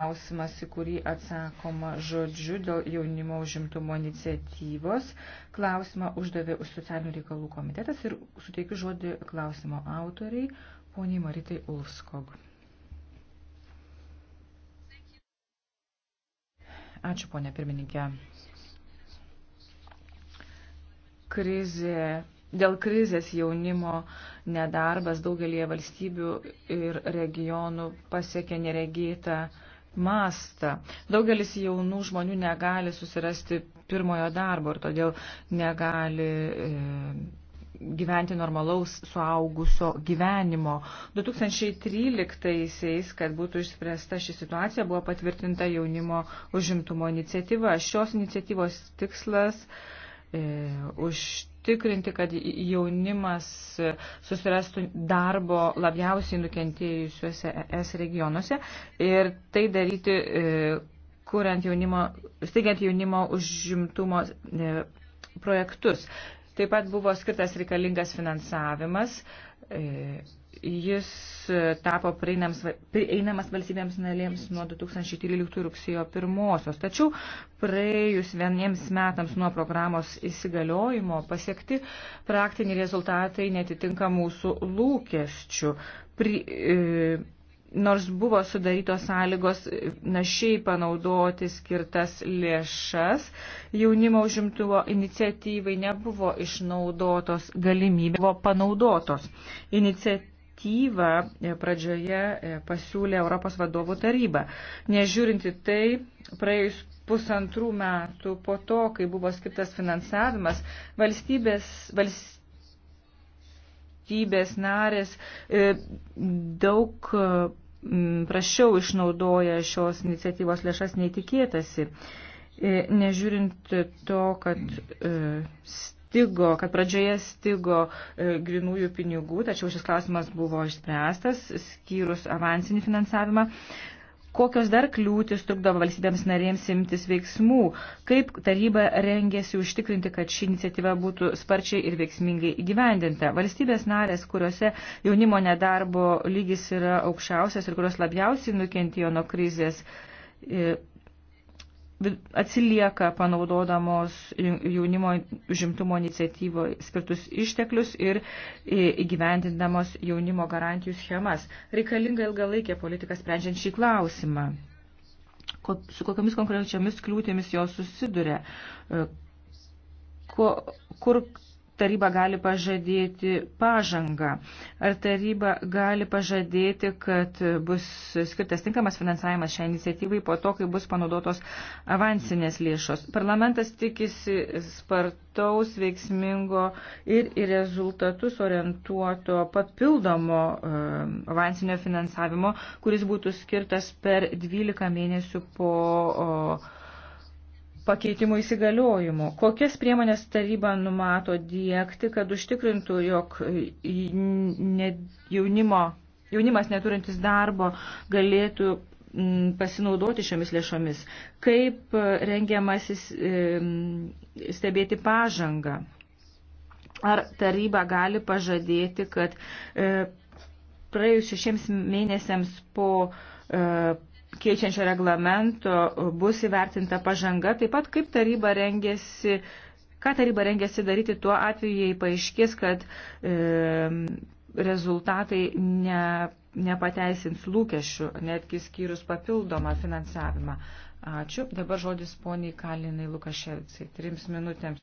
klausimas, į kurį atsakoma žodžiu dėl jaunimo užimtumo iniciatyvos. Klausimą uždavė už socialinių reikalų komitetas ir suteikiu žodį klausimo autoriai, poniai Maritai Ulfskog. Ačiū, ponė pirmininkė. Krizė Dėl krizės jaunimo nedarbas daugelie valstybių ir regionų pasiekė neregėtą mastą. Daugelis jaunų žmonių negali susirasti pirmojo darbo ir todėl negali e, gyventi normalaus suaugusio gyvenimo. 2013-aisiais, kad būtų išspręsta ši situacija, buvo patvirtinta jaunimo užimtumo iniciatyva. Šios iniciatyvos tikslas e, už užtikrinti, kad jaunimas e, susirastų darbo labiausiai nukentėjusiuose ES regionuose ir tai daryti, e, kuriant jaunimo, steigiant jaunimo užimtumo e, projektus. Taip pat buvo skirtas reikalingas finansavimas. Jis e, tapo prieinamas valstybėms narėms nuo 2013 rugsėjo 1. Tačiau praėjus vieniems metams nuo programos įsigaliojimo pasiekti praktiniai rezultatai netitinka mūsų lūkesčių. Pri, e, nors buvo sudarytos sąlygos e, našiai panaudoti skirtas lėšas, jaunimo užimtuvo iniciatyvai nebuvo išnaudotos galimybė, buvo panaudotos. Iniciatyvai iniciatyvą e, pradžioje e, pasiūlė Europos vadovų taryba. Nežiūrinti tai, praėjus pusantrų metų po to, kai buvo skirtas finansavimas, valstybės, valstybės narės e, daug prašiau išnaudoja šios iniciatyvos lėšas neįtikėtasi. Nežiūrint to, kad stigo, kad pradžioje stigo e, grinųjų pinigų, tačiau šis klausimas buvo išspręstas, skyrus avansinį finansavimą. Kokios dar kliūtis trukdavo valstybėms narėms imtis veiksmų? Kaip taryba rengėsi užtikrinti, kad ši iniciatyva būtų sparčiai ir veiksmingai įgyvendinta? Valstybės narės, kuriuose jaunimo nedarbo lygis yra aukščiausias ir kurios labiausiai nukentėjo nuo krizės, e, atsilieka panaudodamos jaunimo žimtumo iniciatyvo skirtus išteklius ir įgyvendindamos jaunimo garantijų schemas. Reikalinga ilgalaikė politika sprendžiant šį klausimą. Ko, su kokiamis konkrečiamis kliūtėmis jos susiduria? E, ko, kur taryba gali pažadėti pažangą? Ar taryba gali pažadėti, kad bus skirtas tinkamas finansavimas šią iniciatyvai po to, kai bus panaudotos avansinės lėšos? Parlamentas tikisi spartaus, veiksmingo ir į rezultatus orientuoto papildomo um, avansinio finansavimo, kuris būtų skirtas per 12 mėnesių po pakeitimų įsigaliojimų. Kokias priemonės taryba numato dėkti, kad užtikrintų, jog jaunimo, jaunimas neturintis darbo galėtų pasinaudoti šiomis lėšomis? Kaip rengiamasis stebėti pažangą? Ar taryba gali pažadėti, kad e, praėjus šešiems mėnesiams po e, keičiančio reglamento bus įvertinta pažanga, taip pat kaip taryba rengėsi, ką taryba rengėsi daryti tuo atveju, jei paaiškės, kad e, rezultatai ne, nepateisins lūkesčių, netgi skyrus papildomą finansavimą. Ačiū. Dabar žodis poniai Kalinai Lukaševicai. Trims minutėms.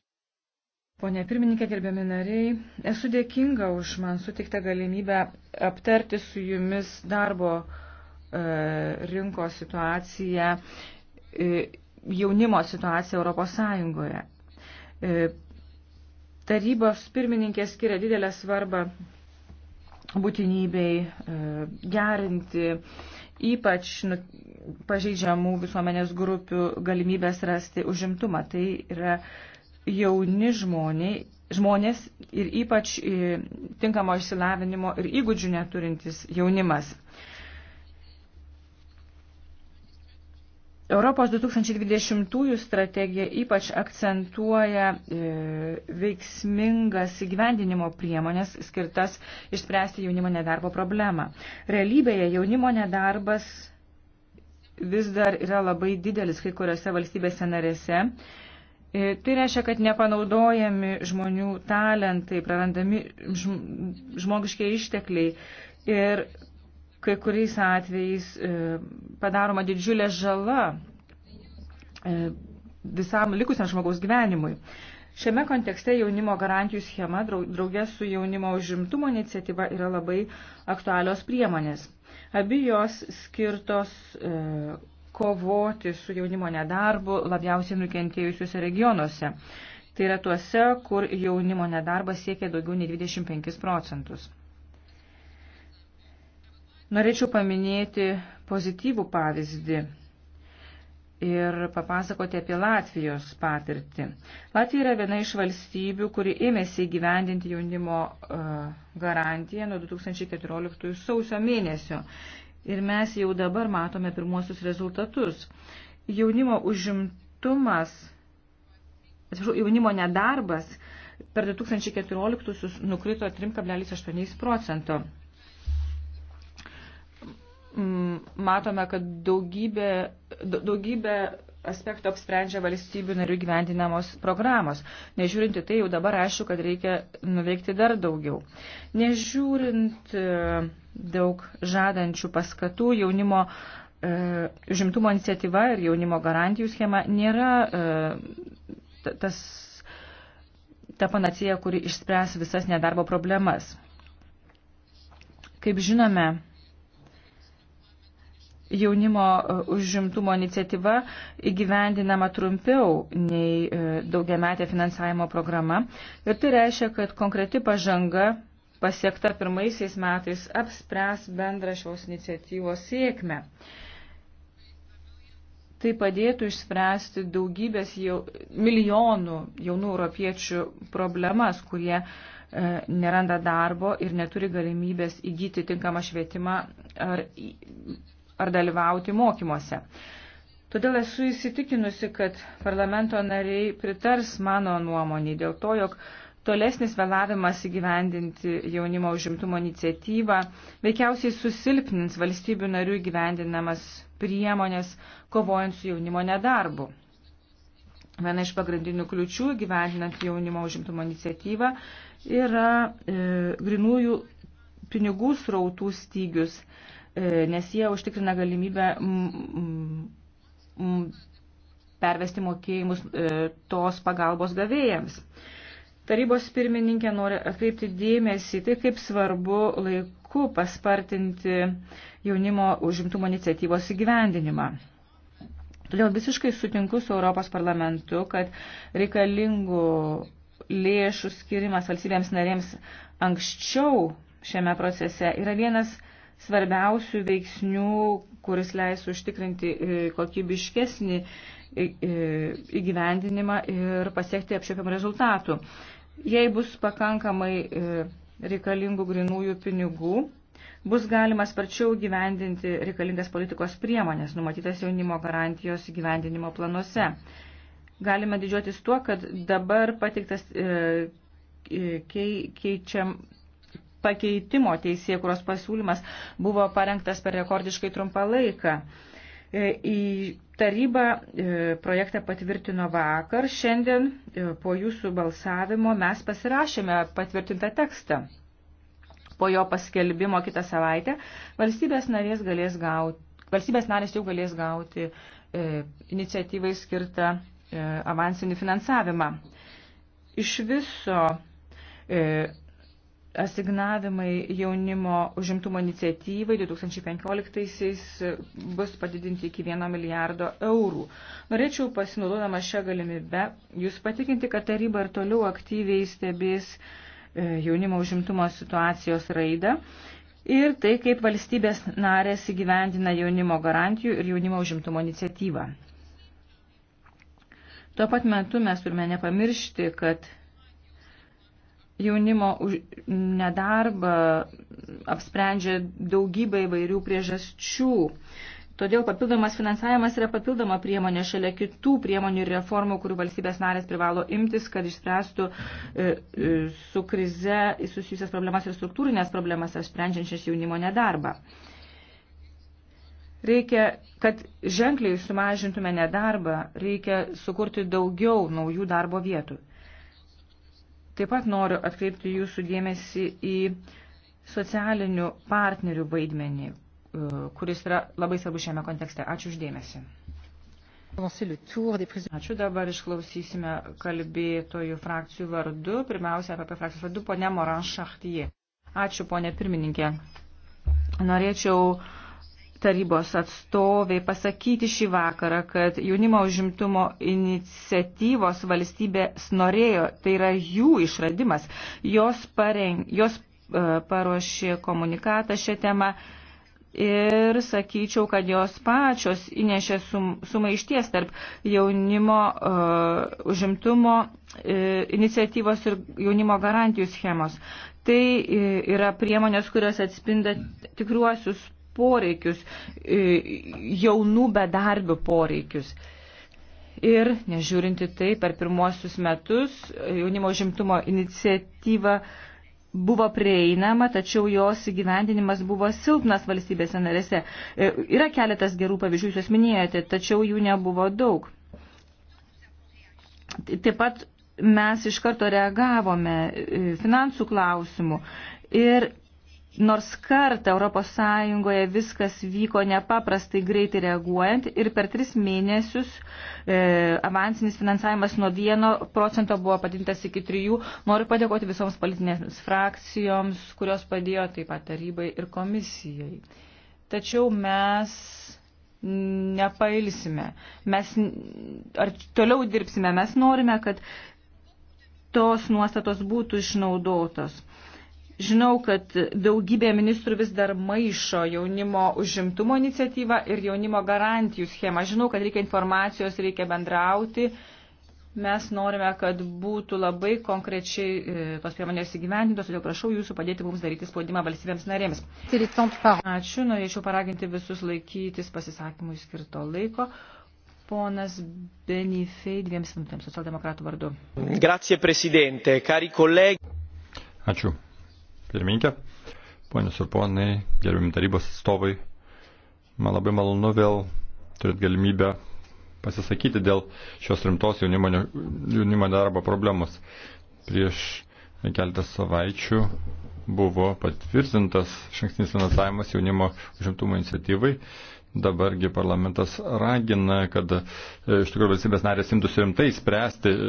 Pone pirmininkė, gerbiami nariai, esu dėkinga už man sutiktą galimybę aptarti su jumis darbo uh, E, rinkos situaciją, e, jaunimo situaciją Europos Sąjungoje. E, tarybos pirmininkė skiria didelę svarbą būtinybei gerinti ypač nu, pažeidžiamų visuomenės grupių galimybės rasti užimtumą. Tai yra jauni žmoniai, žmonės ir ypač tinkamo išsilavinimo ir įgūdžių neturintis jaunimas. Europos 2020 strategija ypač akcentuoja e, veiksmingas įgyvendinimo priemonės skirtas išspręsti jaunimo nedarbo problemą. Realybėje jaunimo nedarbas vis dar yra labai didelis kai kuriuose valstybėse narėse. E, tai reiškia, kad nepanaudojami žmonių talentai, prarandami žmogiškiai ištekliai ir kai kuriais atvejais e, padaroma didžiulė žala e, visam likusiam žmogaus gyvenimui. Šiame kontekste jaunimo garantijų schema draugė su jaunimo užimtumo iniciatyva yra labai aktualios priemonės. Abi jos skirtos e, kovoti su jaunimo nedarbu labiausiai nukentėjusiuose regionuose. Tai yra tuose, kur jaunimo nedarbas siekia daugiau nei 25 procentus. Norėčiau paminėti pozityvų pavyzdį ir papasakoti apie Latvijos patirtį. Latvija yra viena iš valstybių, kuri ėmėsi gyvendinti jaunimo e, garantiją nuo 2014 sausio mėnesio. Ir mes jau dabar matome pirmuosius rezultatus. Jaunimo užimtumas, atsiprašau, jaunimo nedarbas per 2014 nukrito 3,8 procento. Mm, matome, kad daugybė, daugybė aspektų apsprendžia valstybių narių gyvendinamos programos. Nežiūrint į tai, jau dabar aišku, kad reikia nuveikti dar daugiau. Nežiūrint e, daug žadančių paskatų, jaunimo e, žimtumo iniciatyva ir jaunimo garantijų schema nėra e, tas, ta panacija, kuri išspręs visas nedarbo problemas. Kaip žinome, jaunimo e, užimtumo iniciatyva įgyvendinama trumpiau nei e, daugiametė finansavimo programa. Ir tai reiškia, kad konkreti pažanga pasiekta pirmaisiais metais apspręs bendrą šios iniciatyvos sėkmę. Tai padėtų išspręsti daugybės jau, milijonų jaunų europiečių problemas, kurie e, neranda darbo ir neturi galimybės įgyti tinkamą švietimą ar ar dalyvauti mokymuose. Todėl esu įsitikinusi, kad parlamento nariai pritars mano nuomonį dėl to, jog tolesnis vėlavimas įgyvendinti jaunimo užimtumo iniciatyvą veikiausiai susilpnins valstybių narių įgyvendinamas priemonės kovojant su jaunimo nedarbu. Viena iš pagrindinių kliučių gyvendinant jaunimo užimtumo iniciatyvą yra e, grinųjų pinigų srautų stygius E, nes jie užtikrina galimybę pervesti mokėjimus e, tos pagalbos gavėjams. Tarybos pirmininkė nori atkreipti dėmesį tai, kaip svarbu laiku paspartinti jaunimo užimtumo iniciatyvos įgyvendinimą. Todėl visiškai sutinku su Europos parlamentu, kad reikalingų lėšų skirimas valstybėms narėms anksčiau šiame procese yra vienas svarbiausių veiksnių, kuris leis užtikrinti e, kokybiškesnį e, e, įgyvendinimą ir pasiekti apčiopiam rezultatų. Jei bus pakankamai reikalingų grinųjų pinigų, bus galima sparčiau gyvendinti reikalingas politikos priemonės, numatytas jaunimo garantijos gyvendinimo planuose. Galime didžiuotis tuo, kad dabar patiktas keičiam, pakeitimo teisėkuros pasiūlymas buvo parengtas per rekordiškai trumpą laiką. E, į tarybą e, projektą patvirtino vakar, šiandien e, po jūsų balsavimo mes pasirašėme patvirtintą tekstą. Po jo paskelbimo kitą savaitę valstybės narės galės gauti valstybės narės jau galės gauti e, iniciatyvai skirtą e, avansinį finansavimą. Iš viso e, asignavimai jaunimo užimtumo iniciatyvai 2015-aisiais e, bus padidinti iki 1 milijardo eurų. Norėčiau pasinaudodama šią galimybę jūs patikinti, kad taryba ir toliau aktyviai stebės e, jaunimo užimtumo situacijos raidą ir tai, kaip valstybės narės įgyvendina jaunimo garantijų ir jaunimo užimtumo iniciatyvą. Tuo pat metu mes turime nepamiršti, kad jaunimo nedarbą apsprendžia daugybę įvairių priežasčių. Todėl papildomas finansavimas yra papildoma priemonė šalia kitų priemonių ir reformų, kurių valstybės narės privalo imtis, kad išspręstų e, e, su krize susijusias problemas ir struktūrinės problemas, sprendžiančias jaunimo nedarbą. Reikia, kad ženkliai sumažintume nedarbą, reikia sukurti daugiau naujų darbo vietų. Taip pat noriu atkreipti jūsų dėmesį į socialinių partnerių vaidmenį, e, kuris yra labai svarbus šiame kontekste. Ačiū uždėmesi. Ačiū dabar išklausysime kalbėtojų frakcijų vardu. Pirmiausia, apie frakcijos vardu, ponė Moran Šachtyje. Ačiū, ponė pirmininkė. Norėčiau tarybos atstovai pasakyti šį vakarą, kad jaunimo užimtumo iniciatyvos valstybės norėjo, tai yra jų išradimas, jos, pareng, jos e, paruošė komunikatą šią temą ir sakyčiau, kad jos pačios įnešė sum, sumaišties tarp jaunimo uh, užimtumo uh, iniciatyvos ir jaunimo garantijų schemos. Tai yra priemonės, kurios atspinda tikruosius poreikius, e, jaunų bedarbių poreikius. Ir, nežiūrinti tai, per pirmosius metus e, jaunimo žimtumo iniciatyva buvo prieinama, tačiau jos įgyvendinimas buvo silpnas valstybėse narėse. E, yra keletas gerų pavyzdžių, jūs minėjote, tačiau jų nebuvo daug. Taip pat mes iš karto reagavome finansų klausimų ir Nors kartą ES viskas vyko nepaprastai greitai reaguojant ir per tris mėnesius e, avansinis finansavimas nuo 1 procento buvo padintas iki 3. Noriu padėkoti visoms politinėms frakcijoms, kurios padėjo taip pat tarybai ir komisijai. Tačiau mes nepailsime, mes ar toliau dirbsime, mes norime, kad tos nuostatos būtų išnaudotos. Žinau, kad daugybė ministrų vis dar maišo jaunimo užimtumo iniciatyvą ir jaunimo garantijų schemą. Žinau, kad reikia informacijos, reikia bendrauti. Mes norime, kad būtų labai konkrečiai e, tos priemonės įgyvendintos, todėl prašau jūsų padėti mums daryti spaudimą valstybėms narėms. Ačiū, norėčiau paraginti visus laikytis pasisakymui skirto laiko. Ponas Benifei, dviems minutėms, socialdemokratų vardu. Grazie, prezidente, cari kolegi. Ačiū, pirmininkė, ponius ir ponai, gerbimi tarybos atstovai, man labai malonu vėl turėti galimybę pasisakyti dėl šios rimtos jaunimo, jaunimo darbo problemos. Prieš keletą savaičių buvo patvirtintas šankstinis finansavimas jaunimo užimtumo iniciatyvai. Dabargi parlamentas ragina, kad e, iš tikrųjų valstybės narės imtųsi rimtai spręsti e,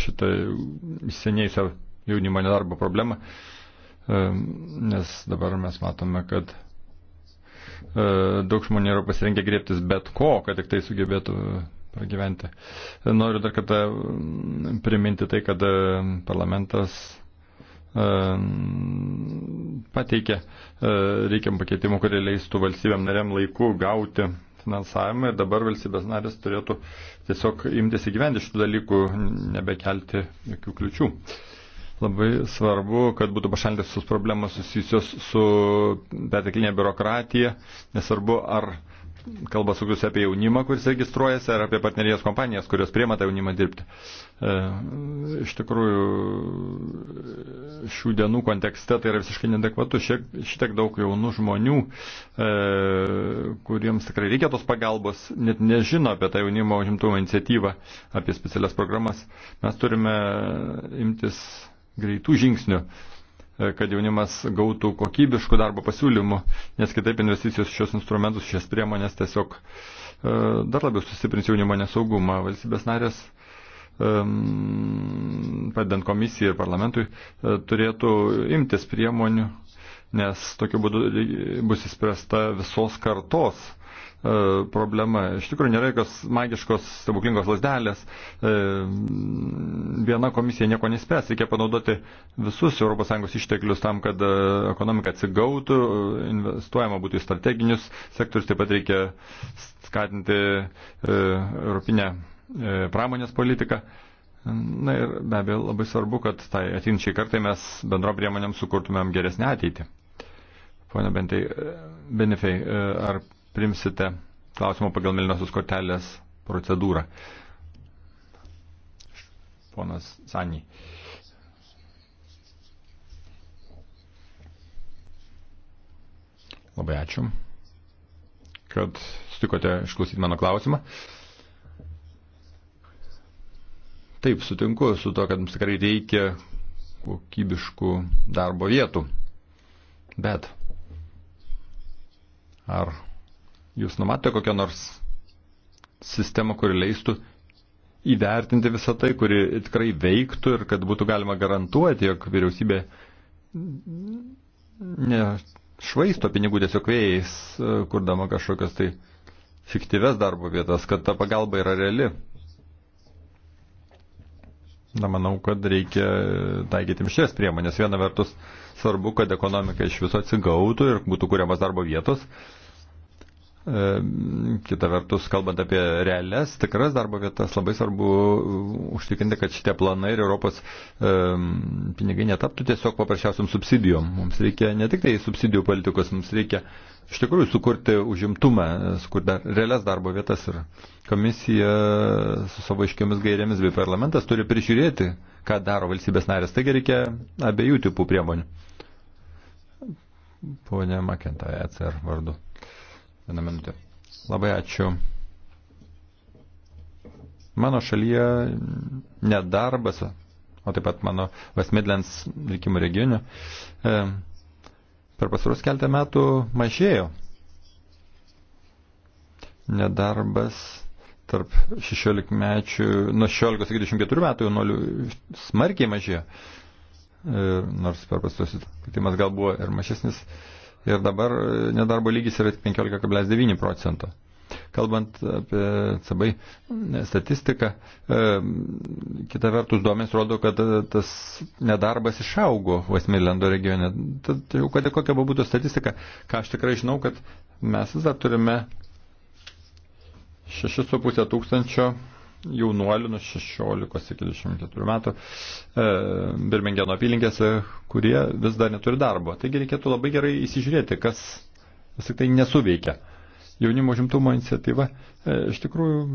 šitą senėjusią jaunimo nedarbo problemą nes dabar mes matome, kad e, daug žmonių yra pasirengę griebtis bet ko, kad tik tai sugebėtų pragyventi. Noriu dar kartą priminti tai, kad e, parlamentas e, pateikė reikiam pakeitimų, kurie leistų valstybėm nariam laiku gauti finansavimą ir dabar valstybės narės turėtų tiesiog imtis įgyvendi šitų dalykų, nebekelti jokių kliučių. Uh, Labai svarbu, kad būtų pašalintas sus problemos susijusios su perteklinė biurokratija, nesvarbu ar kalba sukius apie jaunimą, kuris registruojasi, ar apie partnerijos kompanijas, kurios priema tą jaunimą dirbti. E, iš tikrųjų, šių dienų kontekste tai yra visiškai nedekvatu. Šiek, šitiek daug jaunų žmonių, e, kuriems tikrai reikia tos pagalbos, net nežino apie tą jaunimo užimtumo iniciatyvą, apie specialias programas. Mes turime imtis greitų žingsnių, e, kad jaunimas gautų kokybiškų darbo pasiūlymų, nes kitaip investicijos šios instrumentus, šias priemonės tiesiog e, dar labiau sustiprins jaunimo nesaugumą. Valstybės narės, padedant komisijai ir parlamentui, e, turėtų imtis priemonių, nes tokiu būdu bus įspręsta visos kartos E, problema. Iš tikrųjų nėra jokios magiškos stebuklingos lasdelės. E, viena komisija nieko nespės. Reikia panaudoti visus ES išteklius tam, kad e, ekonomika atsigautų, investuojama būtų į strateginius sektorius, taip pat reikia skatinti europinę pramonės politiką. Na ir be abejo labai svarbu, kad tai atinčiai kartai mes bendro priemonėm sukurtumėm geresnį ateitį. Pone Bentai, Benefei, ar primsite klausimą pagal Melinosios kortelės procedūrą. Ponas Sanį. Labai ačiū, kad sutikote išklausyti mano klausimą. Taip, sutinku su to, kad mums tikrai reikia kokybiškų darbo vietų. Bet ar Jūs numatote kokią nors sistemą, kuri leistų įvertinti visą tai, kuri tikrai veiktų ir kad būtų galima garantuoti, jog vyriausybė nešvaisto pinigų tiesiog vėjais, e, kurdama kažkokias tai fiktyves darbo vietas, kad ta pagalba yra reali. Na, manau, kad reikia taikyti mišrės priemonės. Viena vertus svarbu, kad ekonomika iš viso atsigautų ir būtų kuriamas darbo vietos. E, kita vertus, kalbant apie realias, tikras darbo vietas, labai svarbu e, užtikrinti, kad šitie planai ir Europos e, pinigai netaptų tiesiog paprasčiausiam subsidijom. Mums reikia ne tik tai subsidijų politikos, mums reikia iš tikrųjų sukurti užimtumą, sukurti realias darbo vietas ir komisija su savo iškiomis gairėmis bei parlamentas turi prižiūrėti, ką daro valstybės narės. Taigi reikia abiejų tipų priemonių. Pone Makentoje, atsar vardu. Vieną minutę. Labai ačiū. Mano šalyje nedarbas, o taip pat mano Vasmidlens likimų regione, e, per pasarus keltą metų mažėjo. Nedarbas tarp 16 mečių, nuo 16 iki 24 metų jaunuolių smarkiai mažėjo. Ir e, nors per pastaruosius kitimas gal buvo ir mažesnis. E, ir dabar e, nedarbo lygis yra 15,9 procento. Kalbant apie CB statistiką, e, kita vertus duomenys rodo, kad e, tas nedarbas išaugo Vasmilendo regione. Tad tai jau kad kokia būtų statistika, ką aš tikrai žinau, kad mes vis dar turime 6,5 tūkstančio jaunuolių nuo 16 iki 24 metų e, Birmingeno apylinkėse, kurie vis dar neturi darbo. Taigi reikėtų labai gerai įsižiūrėti, kas vis tik tai nesuveikia. Jaunimo žimtumo iniciatyva e, iš tikrųjų mm,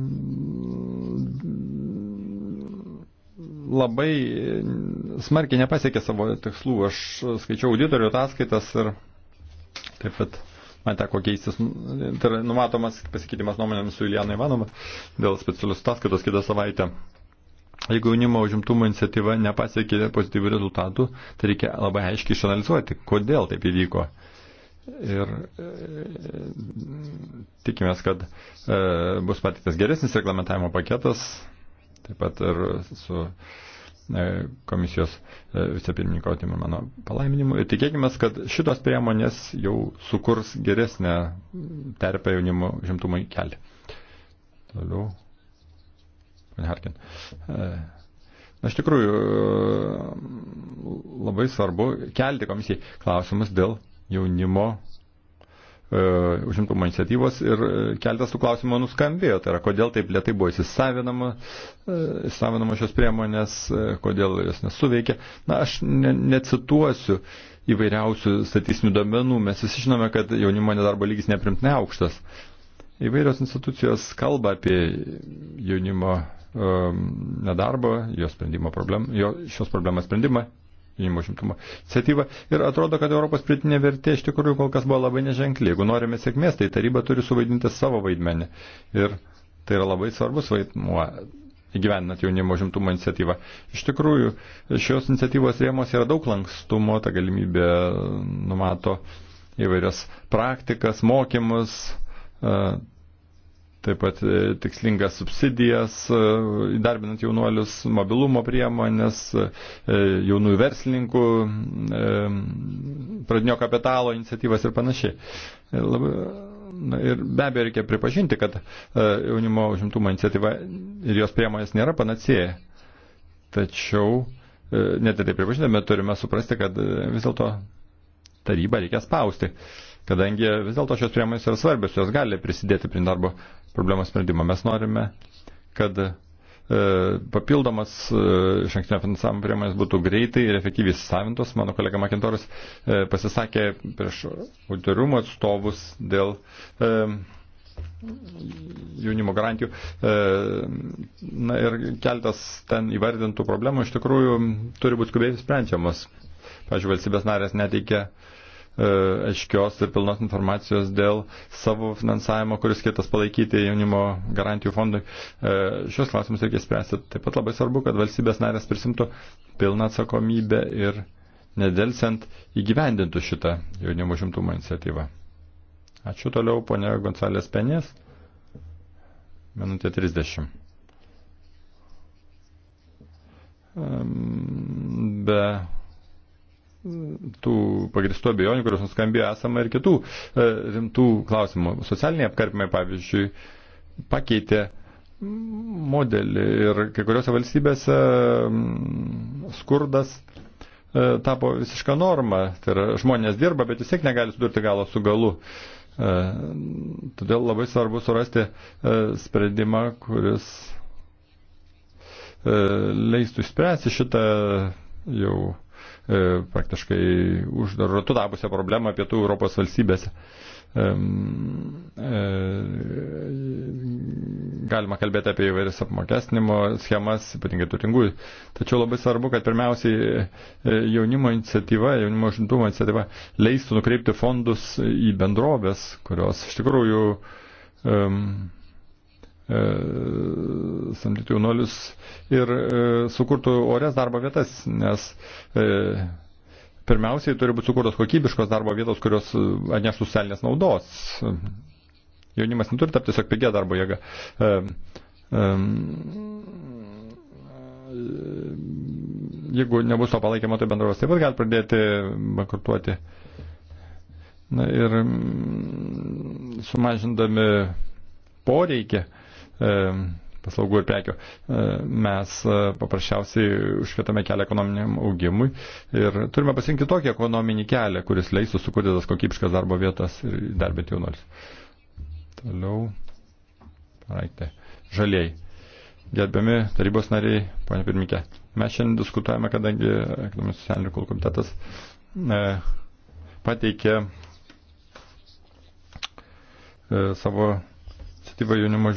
labai smarkiai nepasiekė savo tikslų. Aš skaičiau auditorių ataskaitas ir taip pat. Bet man teko keistis, tai yra numatomas pasikeitimas nuomonėmis su Iljana Ivanova dėl specialius ataskaitos kitą savaitę. Jeigu jaunimo užimtumo iniciatyva nepasiekė pozityvių rezultatų, tai reikia labai aiškiai išanalizuoti, kodėl taip įvyko. Ir e, tikimės, kad e, bus patiktas geresnis reglamentavimo paketas, taip pat ir su e, E, komisijos e, vicepirmininko Timurmano palaiminimu. Ir tikėkime, kad šitos priemonės jau sukurs geresnę terpę jaunimo žimtumai kelią. Toliau. Pane Harkin. E, na, iš tikrųjų, labai svarbu kelti komisijai klausimus dėl jaunimo E, užimtumo iniciatyvos ir e, keltas tų klausimų nuskambėjo. Tai yra, kodėl taip lietai buvo įsisavinama, e, įsisavinama šios priemonės, kodėl jos nesuveikė. Na, aš ne, necituosiu įvairiausių statistinių domenų. Mes visi žinome, kad jaunimo nedarbo lygis neprimtinai aukštas. Įvairios institucijos kalba apie jaunimo nedarbo, jo, problem, jo šios problemos sprendimą, jaunimo šimtumo iniciatyvą ir atrodo, kad Europos pritinė vertė iš tikrųjų kol kas buvo labai neženkli. Jeigu norime sėkmės, tai taryba turi suvaidinti savo vaidmenį. Ir tai yra labai svarbus vaidmuo įgyvendinant jaunimo žimtumo iniciatyvą. Iš tikrųjų, šios iniciatyvos rėmos yra daug lankstumo, ta galimybė numato įvairias praktikas, mokymus, e, taip pat e, tikslingas subsidijas, e, įdarbinant jaunuolius, mobilumo priemonės, e, jaunųjų verslininkų, pradinio kapitalo iniciatyvas ir panašiai. Labai, Na, ir be abejo reikia pripažinti, kad jaunimo užimtumo iniciatyva ir jos priemonės nėra panacėja. Tačiau, net ir tai pripažinėme, turime suprasti, kad vis dėlto tarybą reikia spausti kadangi vis dėlto šios priemonės yra svarbios, jos gali prisidėti prie darbo problemos sprendimą. Mes norime, kad e, papildomas e, išankstinio finansavimo priemonės būtų greitai ir efektyviai savintos. Mano kolega Makintoras e, pasisakė prieš auditorumo atstovus dėl jaunimo garantijų. Na ir keltas ten įvardintų problemų iš tikrųjų turi būti skubiai sprendžiamas. Pavyzdžiui, valstybės narės neteikia uh, E, aiškios ir pilnos informacijos dėl savo finansavimo, kuris skirtas palaikyti jaunimo garantijų fondui. E, šios klausimus reikia spręsti. Taip pat labai svarbu, kad valstybės narės prisimtų pilną atsakomybę ir nedelsiant įgyvendintų šitą jaunimo šimtumo iniciatyvą. Ačiū toliau, ponia Gonsalės Penės. Minutė 30. Be tų pagristų abejonių, kurios nuskambėjo, esama ir kitų e, rimtų klausimų. Socialiniai apkarpimai, pavyzdžiui, pakeitė modelį ir kai kuriuose valstybėse skurdas e, tapo visišką normą. Tai yra, žmonės dirba, bet vis tiek negali sudurti galo su galu. E, todėl labai svarbu surasti sprendimą, kuris leistų išspręsti šitą jau E, praktiškai uždarotų tapusią problemą pietų Europos valstybėse. E, galima kalbėti apie įvairias apmokestinimo schemas, ypatingai turtingųjų. Tačiau labai svarbu, kad pirmiausiai e, jaunimo iniciatyva, jaunimo užimtumo iniciatyva leistų nukreipti fondus į bendrovės, kurios iš tikrųjų um, E, samdyti jaunuolius ir e, sukurtų orės darbo vietas, nes e, pirmiausiai turi būti sukurtos kokybiškos darbo vietos, kurios atneštų socialinės naudos. Jaunimas neturi tapti tiesiog pigia darbo jėga. Jeigu nebus to palaikymo, tai bendrovės taip pat gali pradėti bankrutuoti. Na ir mm, sumažindami poreikį, E, paslaugų ir prekių. E, mes e, paprasčiausiai užkvietame kelią ekonominiam augimui ir turime pasirinkti tokį ekonominį kelią, kuris leistų sukurti tas kokybiškas darbo vietas ir darbėti jaunuolis. Toliau. Raiktai. Žaliai. Gerbiami tarybos nariai, ponė pirmininkė, mes šiandien diskutuojame, kadangi ekonomijos socialinių reikalų komitetas e, pateikė e, savo iniciatyva jaunimo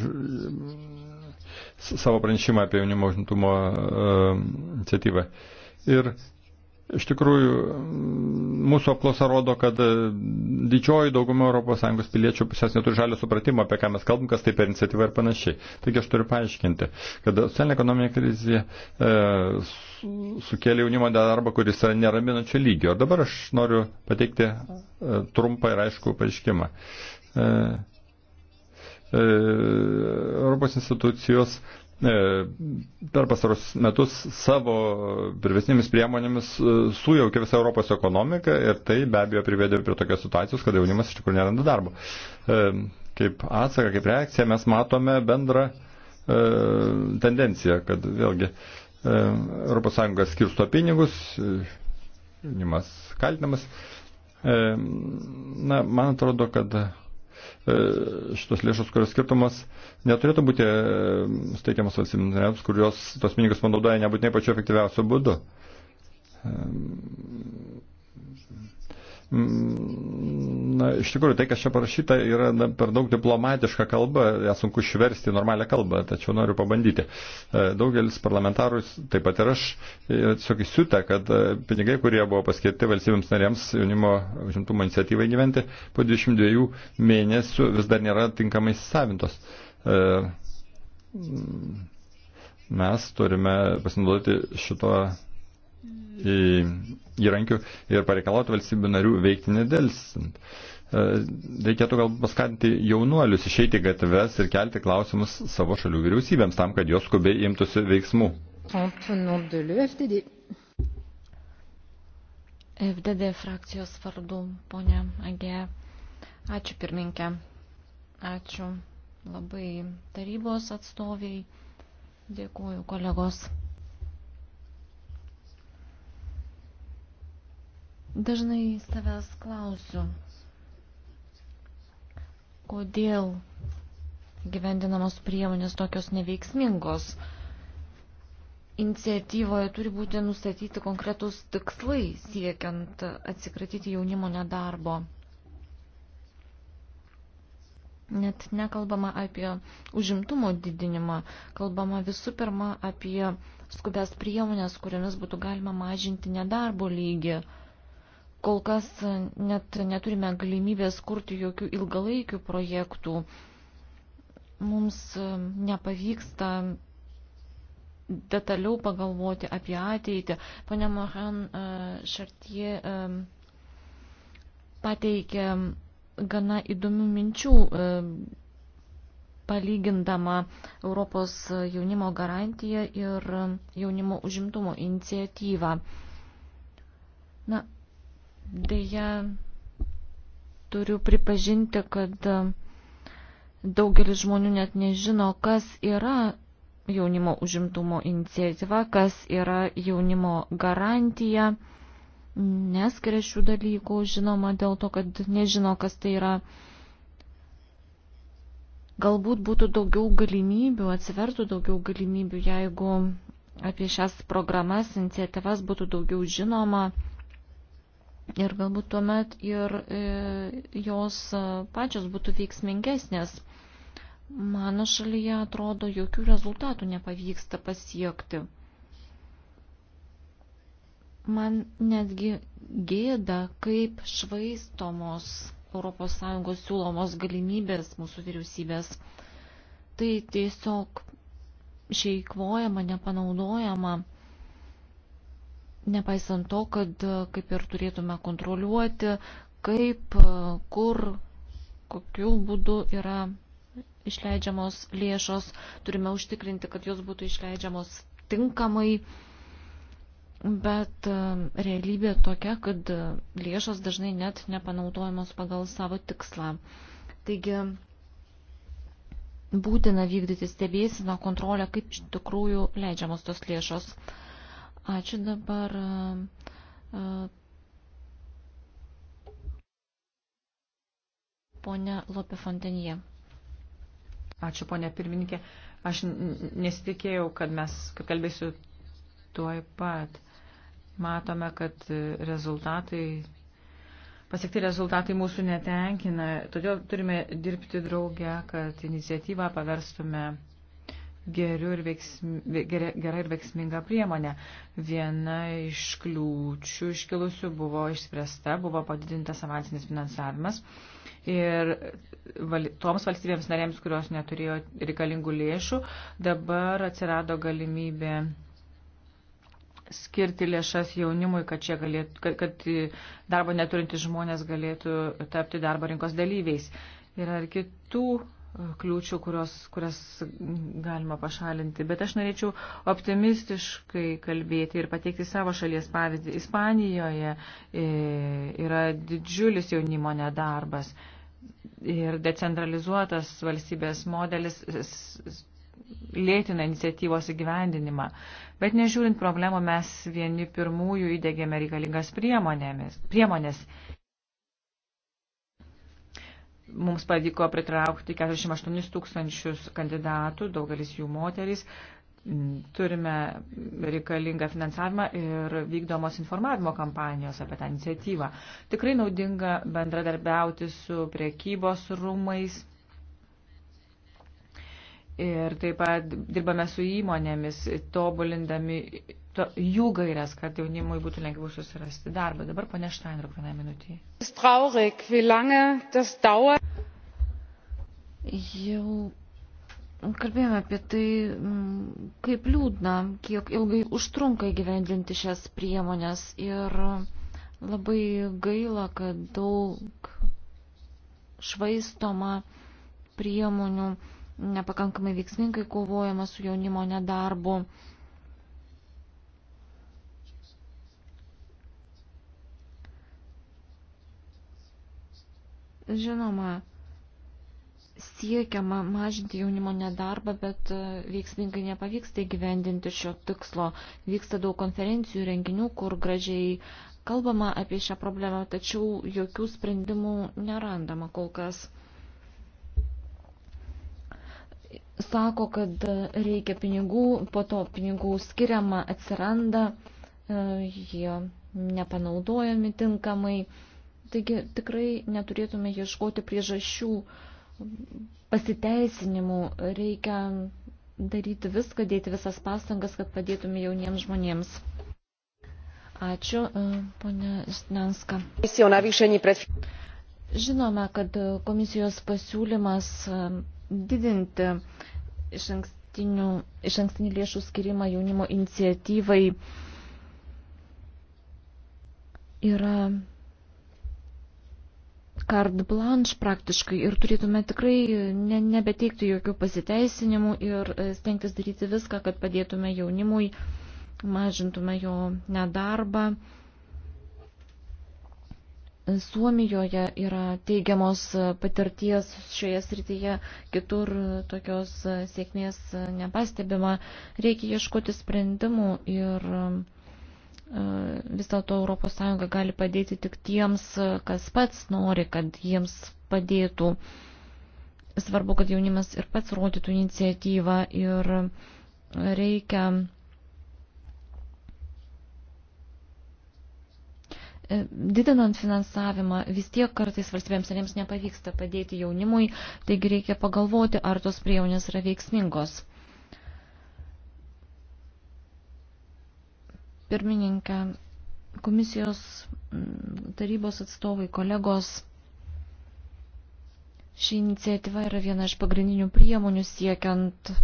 savo pranešimą apie jaunimo užimtumo e, iniciatyvą. Ir Iš tikrųjų, mūsų apklausa rodo, kad e, didžioji dauguma ES piliečių pusės neturi žalio supratimo, apie ką mes kalbam, kas tai per iniciatyvą ir panašiai. Taigi aš turiu paaiškinti, kad socialinė ekonominė krizė e, sukėlė jaunimo darbą, kuris yra neraminančio lygio. Ir dabar aš noriu pateikti e, trumpą ir aišku paaiškimą. E, E, Europos institucijos e, per pasarus metus savo privesnėmis priemonėmis e, sujaukė visą Europos ekonomiką ir tai be abejo privedė prie tokios situacijos, kad jaunimas iš tikrųjų neranda darbo. Kaip atsaką, kaip reakciją mes matome bendrą tendenciją, kad vėlgi ES skirsto pinigus, jaunimas kaltinamas. Na, man atrodo, kad E, šitos lėšos, kurios skirtumas, neturėtų būti e, steikiamas valstybėms, kurios tos pinigus panaudoja nebūtinai pačiu efektyviausiu būdu. Mm, na, iš tikrųjų, tai, kas čia parašyta, yra na, per daug diplomatiška kalba, ją sunku išversti normalią kalbą, tačiau noriu pabandyti. E, daugelis parlamentarų, taip pat ir aš, e, tiesiog įsiutę, kad e, pinigai, kurie buvo paskirti valstybėms narėms jaunimo užimtumo iniciatyvai gyventi, po 22 mėnesių vis dar nėra tinkamai įsisavintos. Mes turime pasinaudoti šito į įrankių ir pareikalauti valstybių narių veikti nedelsint. E, reikėtų gal paskatinti jaunuolius išeiti gatves ir kelti klausimus savo šalių vyriausybėms tam, kad jos skubiai imtųsi veiksmų. FDD frakcijos vardu, ponia Agė. Ačiū pirminkė. Ačiū labai tarybos atstoviai. Dėkuoju kolegos. Dažnai savęs klausiu, kodėl gyvendinamos priemonės tokios neveiksmingos. Iniciatyvoje turi būti nustatyti konkretus tikslai siekiant atsikratyti jaunimo nedarbo. Net nekalbama apie užimtumo didinimą, kalbama visų pirma apie skubės priemonės, kuriamis būtų galima mažinti nedarbo lygį kol kas net neturime galimybės kurti jokių ilgalaikių projektų. Mums nepavyksta detaliau pagalvoti apie ateitį. Pane Mohan Šartie e, e, pateikė gana įdomių minčių e, palygindama Europos jaunimo garantiją ir jaunimo užimtumo iniciatyvą. Na, Deja, turiu pripažinti, kad e, daugelis žmonių net nežino, kas yra jaunimo užimtumo iniciatyva, kas yra jaunimo garantija. Neskiria šių dalykų, žinoma, dėl to, kad nežino, kas tai yra. Galbūt būtų daugiau galimybių, atsivertų daugiau galimybių, jeigu apie šias programas, iniciatyvas būtų daugiau žinoma, Ir galbūt tuomet ir e, jos e, pačios būtų veiksmingesnės. Mano šalyje atrodo, jokių rezultatų nepavyksta pasiekti. Man netgi gėda, kaip švaistomos ES siūlomos galimybės mūsų vyriausybės. Tai tiesiog šeikvojama, nepanaudojama. Nepaisant to, kad e, kaip ir turėtume kontroliuoti, kaip, e, kur, kokiu būdu yra išleidžiamos lėšos, turime užtikrinti, kad jos būtų išleidžiamos tinkamai, bet e, realybė tokia, kad lėšos dažnai net nepanaudojamos pagal savo tikslą. Taigi būtina vykdyti stebėsiną kontrolę, kaip iš tikrųjų leidžiamos tos lėšos. Ačiū dabar. Pone Lopė Fontenije. Ačiū, ponė pirmininkė. Aš nesitikėjau, kad mes, kad kalbėsiu tuoj pat. Matome, kad rezultatai, pasiekti rezultatai mūsų netenkina. Todėl turime dirbti drauge, kad iniciatyvą paverstume geriu ir veiksm, geria, gera ir veiksminga priemonė. Viena iš kliūčių iškilusių buvo išspręsta, buvo padidintas avansinis finansavimas. Ir val, toms valstybėms narėms, kurios neturėjo reikalingų lėšų, dabar atsirado galimybė skirti lėšas jaunimui, kad, galėtų, kad, kad darbo neturintys žmonės galėtų tapti darbo rinkos dalyviais. Yra ir kitų kliūčių, kurios, kurias galima pašalinti. Bet aš norėčiau optimistiškai kalbėti ir pateikti savo šalies pavyzdį. Ispanijoje e, yra didžiulis jaunimo nedarbas ir decentralizuotas valstybės modelis lėtina iniciatyvos įgyvendinimą. Bet nežiūrint problemų, mes vieni pirmųjų įdėgėme reikalingas priemonės. Mums pavyko pritraukti 48 tūkstančius kandidatų, daugelis jų moterys. Turime reikalingą finansavimą ir vykdomos informavimo kampanijos apie tą iniciatyvą. Tikrai naudinga bendradarbiauti su priekybos rūmais Ir taip pat dirbame su įmonėmis, tobulindami to, jų gairias, kad jaunimui būtų lengviau susirasti darbą. Dabar pane Štainruk vieną minutį. Jau kalbėjome apie tai, mm, kaip liūdna, kiek ilgai užtrunka įgyvendinti šias priemonės ir labai gaila, kad daug švaistoma priemonių nepakankamai veiksmingai kovojama su jaunimo nedarbu. Žinoma, siekiama mažinti jaunimo nedarbą, bet e, veiksmingai nepavyksta įgyvendinti šio tikslo. Vyksta daug konferencijų, renginių, kur gražiai kalbama apie šią problemą, tačiau jokių sprendimų nerandama kol kas. sako, kad reikia pinigų, po to pinigų skiriama atsiranda, e, jie nepanaudojami tinkamai. Taigi tikrai neturėtume ieškoti priežasčių pasiteisinimų, reikia daryti viską, dėti visas pastangas, kad padėtume jauniems žmonėms. Ačiū, e, ponė Snenska. Žinome, kad komisijos pasiūlymas didinti iš ankstinių, iš ankstinių lėšų skirimą jaunimo iniciatyvai yra carte blanche praktiškai ir turėtume tikrai ne, nebeteikti jokių pasiteisinimų ir e, stengtis daryti viską, kad padėtume jaunimui, mažintume jo nedarbą Suomijoje yra teigiamos patirties šioje srityje, kitur tokios sėkmės nepastebima. Reikia ieškoti sprendimų ir e, vis dėlto ES gali padėti tik tiems, kas pats nori, kad jiems padėtų. Svarbu, kad jaunimas ir pats rodytų iniciatyvą ir reikia didinant finansavimą, vis tiek kartais valstybėms narėms nepavyksta padėti jaunimui, taigi reikia pagalvoti, ar tos priemonės yra veiksmingos. Pirmininkė, komisijos mm, tarybos atstovai, kolegos, ši iniciatyva yra viena iš pagrindinių priemonių siekiant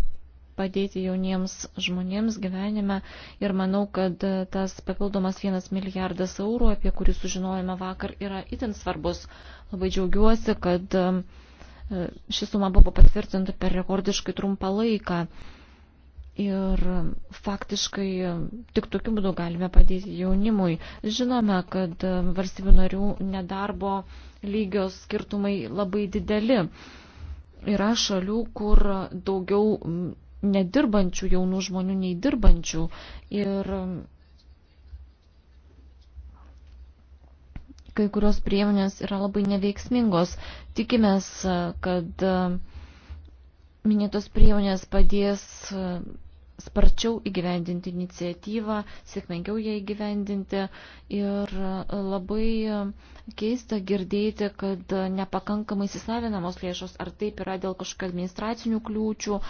padėti jauniems žmonėms gyvenime ir manau, kad tas papildomas vienas milijardas eurų, apie kurį sužinojame vakar, yra itin svarbus. Labai džiaugiuosi, kad um, e, ši suma buvo patvirtinta per rekordiškai trumpą laiką. Ir faktiškai um, tik tokiu būdu galime padėti jaunimui. Žinome, kad um, valstybių narių nedarbo lygios skirtumai labai dideli. Yra šalių, kur daugiau nedirbančių jaunų žmonių nei dirbančių. Ir um, kai kurios priemonės yra labai neveiksmingos. Tikimės, uh, kad um, minėtos priemonės padės uh, sparčiau įgyvendinti iniciatyvą, sėkmingiau ją įgyvendinti ir e, labai keista girdėti, kad nepakankamai įsisavinamos lėšos, ar taip yra dėl kažkokių administracinių kliūčių,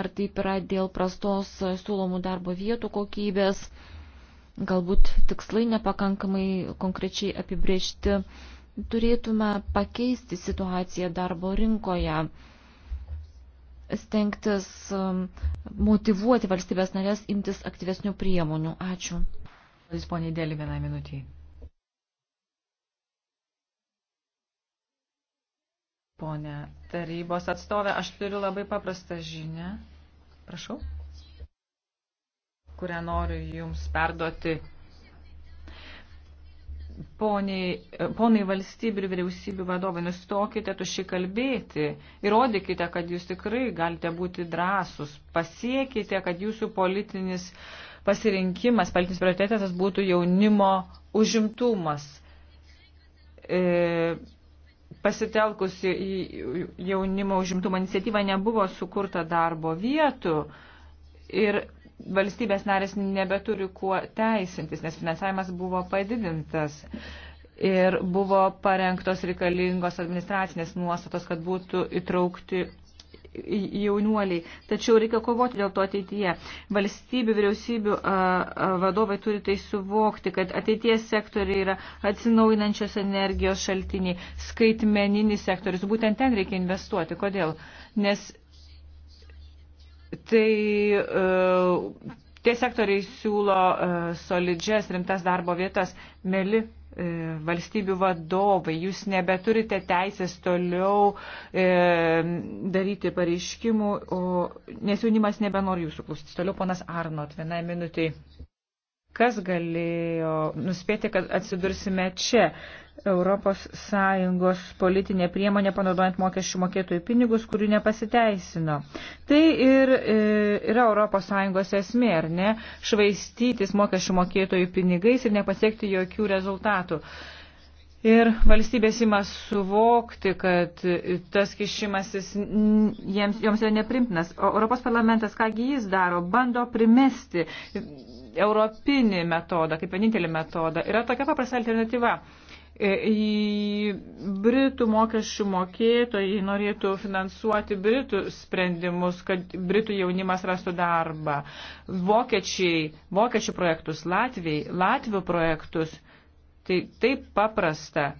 ar taip yra dėl prastos siūlomų darbo vietų kokybės, galbūt tikslai nepakankamai konkrečiai apibriežti, turėtume pakeisti situaciją darbo rinkoje stengtis um, motivuoti valstybės narės imtis aktyvesnių priemonių. Ačiū. Jūs poniai dėlį vieną minutį. Pone tarybos atstovė, aš turiu labai paprastą žinę. Prašau. Kurią noriu jums perduoti poniai, ponai valstybių ir vyriausybių vadovai, nustokite tuši kalbėti, įrodykite, kad jūs tikrai galite būti drąsus, pasiekite, kad jūsų politinis pasirinkimas, politinis prioritetas būtų jaunimo užimtumas. E, pasitelkusi jaunimo užimtumo iniciatyvą nebuvo sukurta darbo vietų ir valstybės narės nebeturi kuo teisintis, nes finansavimas buvo padidintas ir buvo parengtos reikalingos administracinės nuostatos, kad būtų įtraukti jaunuoliai. Tačiau reikia kovoti dėl to ateityje. Valstybių, vyriausybių a, a, vadovai turi tai suvokti, kad ateities sektoriai yra atsinaujinančios energijos šaltiniai, skaitmeninis sektorius. Būtent ten reikia investuoti. Kodėl? Nes tai e, tie sektoriai siūlo e, solidžias, rimtas darbo vietas. Meli e, valstybių vadovai, jūs nebeturite teisės toliau e, daryti pareiškimų, o, nes jaunimas nebenori jūsų klausytis. Toliau ponas Arnot, vienai minutiai. Kas galėjo nuspėti, kad atsidursime čia? Europos Sąjungos politinė priemonė panaudojant mokesčių mokėtojų pinigus, kurių nepasiteisino. Tai ir e, yra Europos Sąjungos esmė, ar ne? Švaistytis mokesčių mokėtojų pinigais ir nepasiekti jokių rezultatų. Ir valstybės ima suvokti, kad tas kišimasis jiems, joms yra neprimtinas. O Europos parlamentas, kągi jis daro, bando primesti europinį metodą, kaip vienintelį metodą. Yra tokia paprasta alternatyva. E, į Britų mokesčių mokėtojai norėtų finansuoti Britų sprendimus, kad Britų jaunimas rastų darbą. Vokiečiai, vokiečių projektus, Latvijai, Latvių projektus – Tai taip paprasta.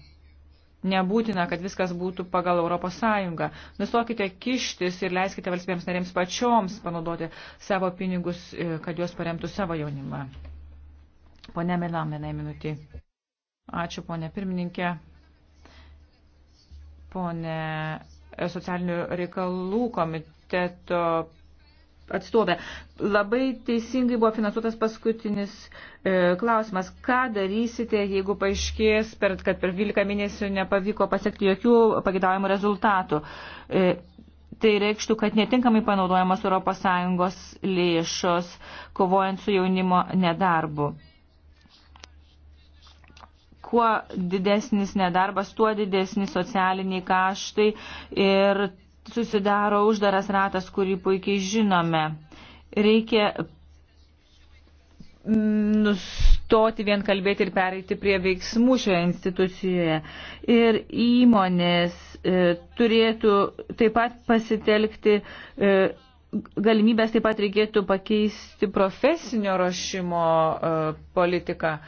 Nebūtina, kad viskas būtų pagal Europos Sąjungą. Nustokite kištis ir leiskite valstybėms narėms pačioms panaudoti savo pinigus, e, kad juos paremtų savo jaunimą. Pone Milam, vienai minutį. Ačiū, ponė pirmininkė. Pone e, socialinių reikalų komiteto atstovę. Labai teisingai buvo finansuotas paskutinis e, klausimas. Ką darysite, jeigu paaiškės, per, kad per 12 mėnesių nepavyko pasiekti jokių pagidavimų rezultatų? E, tai reikštų, kad netinkamai panaudojamos ES lėšos, kovojant su jaunimo nedarbu. Kuo didesnis nedarbas, tuo didesni socialiniai kaštai ir susidaro uždaras ratas, kurį puikiai žinome. Reikia mm, nustoti vien kalbėti ir pereiti prie veiksmų šioje institucijoje. Ir įmonės e, turėtų taip pat pasitelkti, e, galimybės taip pat reikėtų pakeisti profesinio rošimo e, politiką.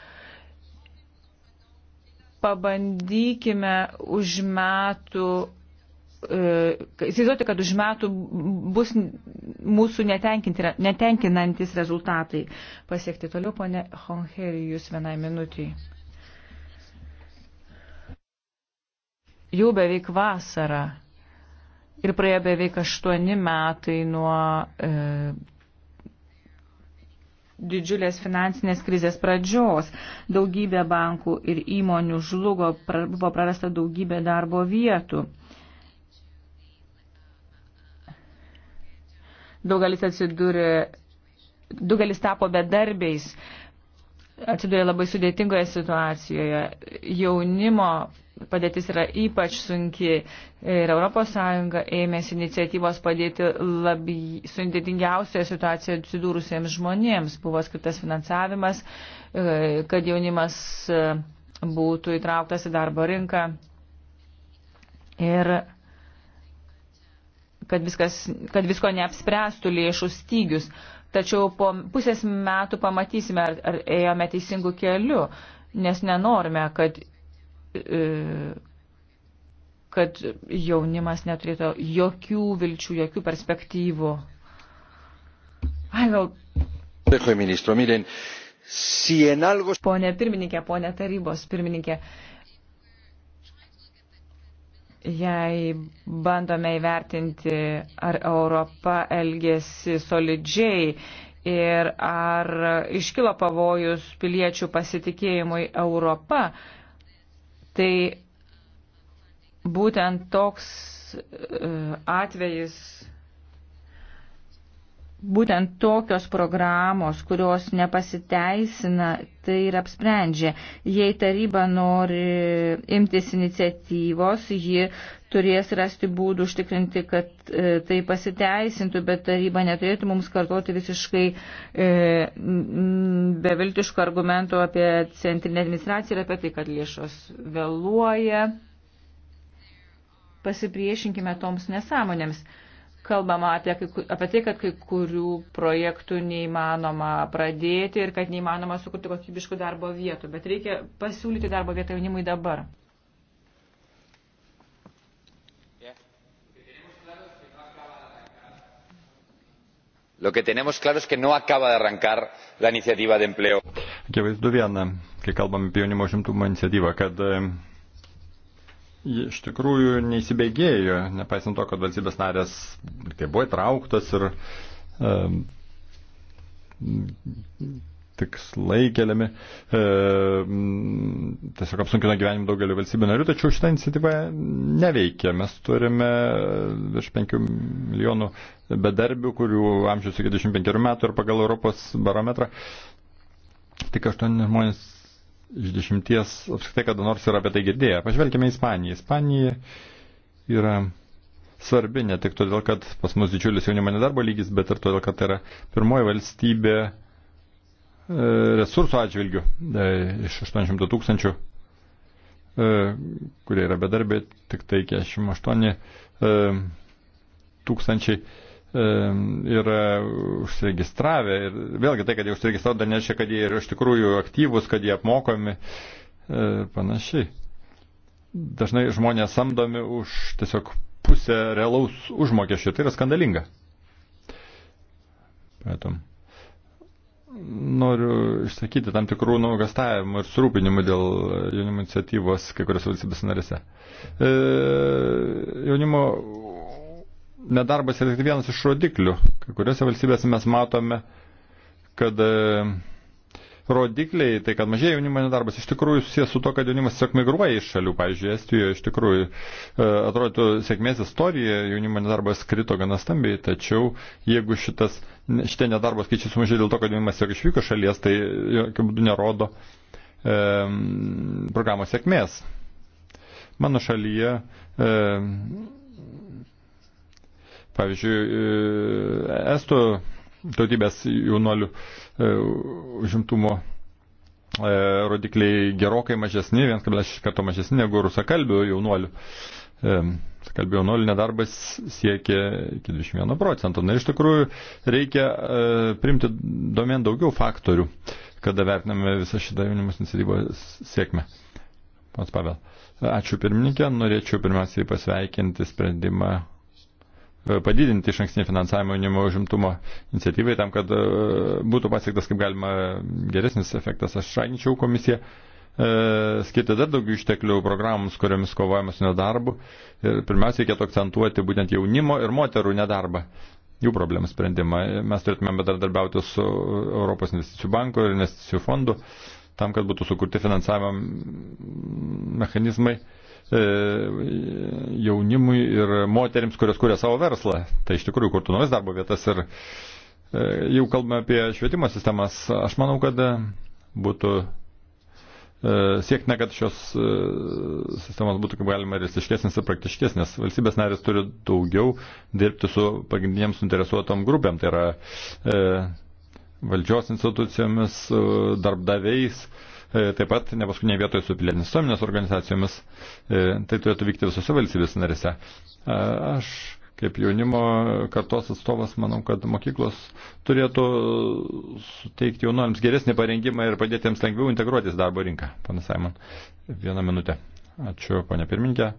Pabandykime už metų E, įsivaizduoti, kad už metų bus mūsų netenkinantis rezultatai pasiekti. Toliau, ponė Honheri, jūs vienai minutiai. Jau beveik vasara ir praėjo beveik aštuoni metai nuo e, didžiulės finansinės krizės pradžios. Daugybė bankų ir įmonių žlugo, pra, buvo prarasta daugybė darbo vietų. daugelis atsidūrė, daugelis tapo bedarbiais, atsidūrė labai sudėtingoje situacijoje. Jaunimo padėtis yra ypač sunki ir ES ėmėsi iniciatyvos padėti labai sudėtingiausioje situacijoje atsidūrusiems žmonėms. Buvo skirtas finansavimas, e, kad jaunimas e, būtų įtrauktas į darbo rinką. Ir kad, viskas, kad visko neapspręstų lėšų stygius. Tačiau po pusės metų pamatysime, ar, ar ėjome teisingu keliu, nes nenorime, kad, e, kad jaunimas neturėtų jokių vilčių, jokių perspektyvų. Ai, gal... Pone pirmininkė, pone tarybos pirmininkė, jei bandome įvertinti, ar Europa elgėsi solidžiai ir ar iškilo pavojus piliečių pasitikėjimui Europa, tai būtent toks e, atvejis būtent tokios programos, kurios nepasiteisina, tai ir apsprendžia. Jei taryba nori imtis iniciatyvos, ji turės rasti būdų užtikrinti, kad e, tai pasiteisintų, bet taryba neturėtų mums kartoti visiškai e, beviltiškų argumentų apie centrinę administraciją ir apie tai, kad lėšos vėluoja. Pasipriešinkime toms nesąmonėms. E, kalbama apie, apie tai, kad kai kurių projektų neįmanoma pradėti ir kad neįmanoma sukurti kokybiškų darbo vietų, bet reikia pasiūlyti darbo vietą jaunimui dabar. Lo que tenemos claro es que no acaba de arrancar la iniciativa de empleo. Akivaizdu viena, kai kalbame apie jaunimo žimtumo iniciatyvą, kad ji iš tikrųjų neįsibėgėjo, nepaisant to, kad valstybės narės tai buvo įtrauktas ir e, tikslai keliami, e, tiesiog apsunkino gyvenimą daugeliu valstybių narių, tačiau šitą iniciatyvą neveikia. Mes turime virš 5 milijonų bedarbių, kurių amžius iki 25 metų ir pagal Europos barometrą tik 8 žmonės iš dešimties apskritai kada nors yra apie tai girdėję. Pažvelkime į Ispaniją. Ispanija yra svarbi ne tik todėl, kad pas mus didžiulis jaunimo nedarbo lygis, bet ir todėl, kad tai yra pirmoji valstybė e, resursų atžvilgių e, iš 800 tūkstančių, e, kurie yra bedarbiai, tik tai 48 e, tūkstančiai yra užsiregistravę. Ir vėlgi tai, kad jie užsiregistravo, dar nereiškia, kad jie yra iš tikrųjų aktyvūs, kad jie apmokomi ir e, panašiai. Dažnai žmonės samdomi už tiesiog pusę realaus užmokesčio. Tai yra skandalinga. Patom. Noriu išsakyti tam tikrų nuogastavimų ir surūpinimų dėl jaunimo iniciatyvos kai kurios valstybės narėse. E, jaunimo nedarbas yra tik vienas iš rodiklių. Kai kuriuose valstybėse mes matome, kad e, rodikliai, tai kad mažėja jaunimo nedarbas, iš tikrųjų susijęs su to, kad jaunimas tiesiog migruoja iš šalių. Pavyzdžiui, Estijoje iš tikrųjų e, atrodytų sėkmės istorija, jaunimo nedarbas krito gana stambiai, tačiau jeigu šitas, šitie nedarbo skaičiai sumažėjo dėl to, kad jaunimas tiesiog išvyko šalies, tai jokių būdų nerodo e, programos sėkmės. Mano šalyje e, Pavyzdžiui, e, estų tautybės jaunolių e, užimtumo e, rodikliai gerokai mažesni, 1,6 karto mažesni negu rusakalbių jaunuolių. Kalbėjau, jaunolių nedarbas siekia iki 21 procentų. Na, iš tikrųjų, reikia e, primti domen daugiau faktorių, kada vertiname visą šitą jaunimus iniciatyvos sėkmę. Pats Pavel. Ačiū pirmininkė, norėčiau pirmiausiai pasveikinti sprendimą E, padidinti iš ankstinį finansavimą jaunimo užimtumo iniciatyvai tam, kad e, būtų pasiektas kaip galima geresnis efektas. Aš raginčiau komisiją e, skirti dar daugiau išteklių programoms, kuriomis kovojame su nedarbu. Ir pirmiausia, reikėtų akcentuoti būtent jaunimo ir moterų nedarbą jų problemų sprendimą. Mes turėtume bendradarbiauti su Europos investicijų banku ir investicijų fondu tam, kad būtų sukurti finansavimo mechanizmai E, jaunimui ir moteriams, kurios kūrė savo verslą. Tai iš tikrųjų kurtų naujas darbo vietas ir e, jau kalbame apie švietimo sistemas. Aš manau, kad būtų e, siektina, kad šios sistemas būtų kaip galima realistiškesnės ir praktiškesnės. Valstybės narės turi daugiau dirbti su pagrindiniams suinteresuotom grupėm, tai yra valdžios institucijomis, darbdaviais, E, taip pat ne paskutinėje vietoje su pilietinės visuomenės organizacijomis. E, tai turėtų vykti visose valstybės narėse. E, aš kaip jaunimo kartos atstovas manau, kad mokyklos turėtų suteikti jaunolims geresnį parengimą ir padėti jiems lengviau integruotis darbo rinką. Panas Simon, vieną minutę. Ačiū, ponia pirmininkė.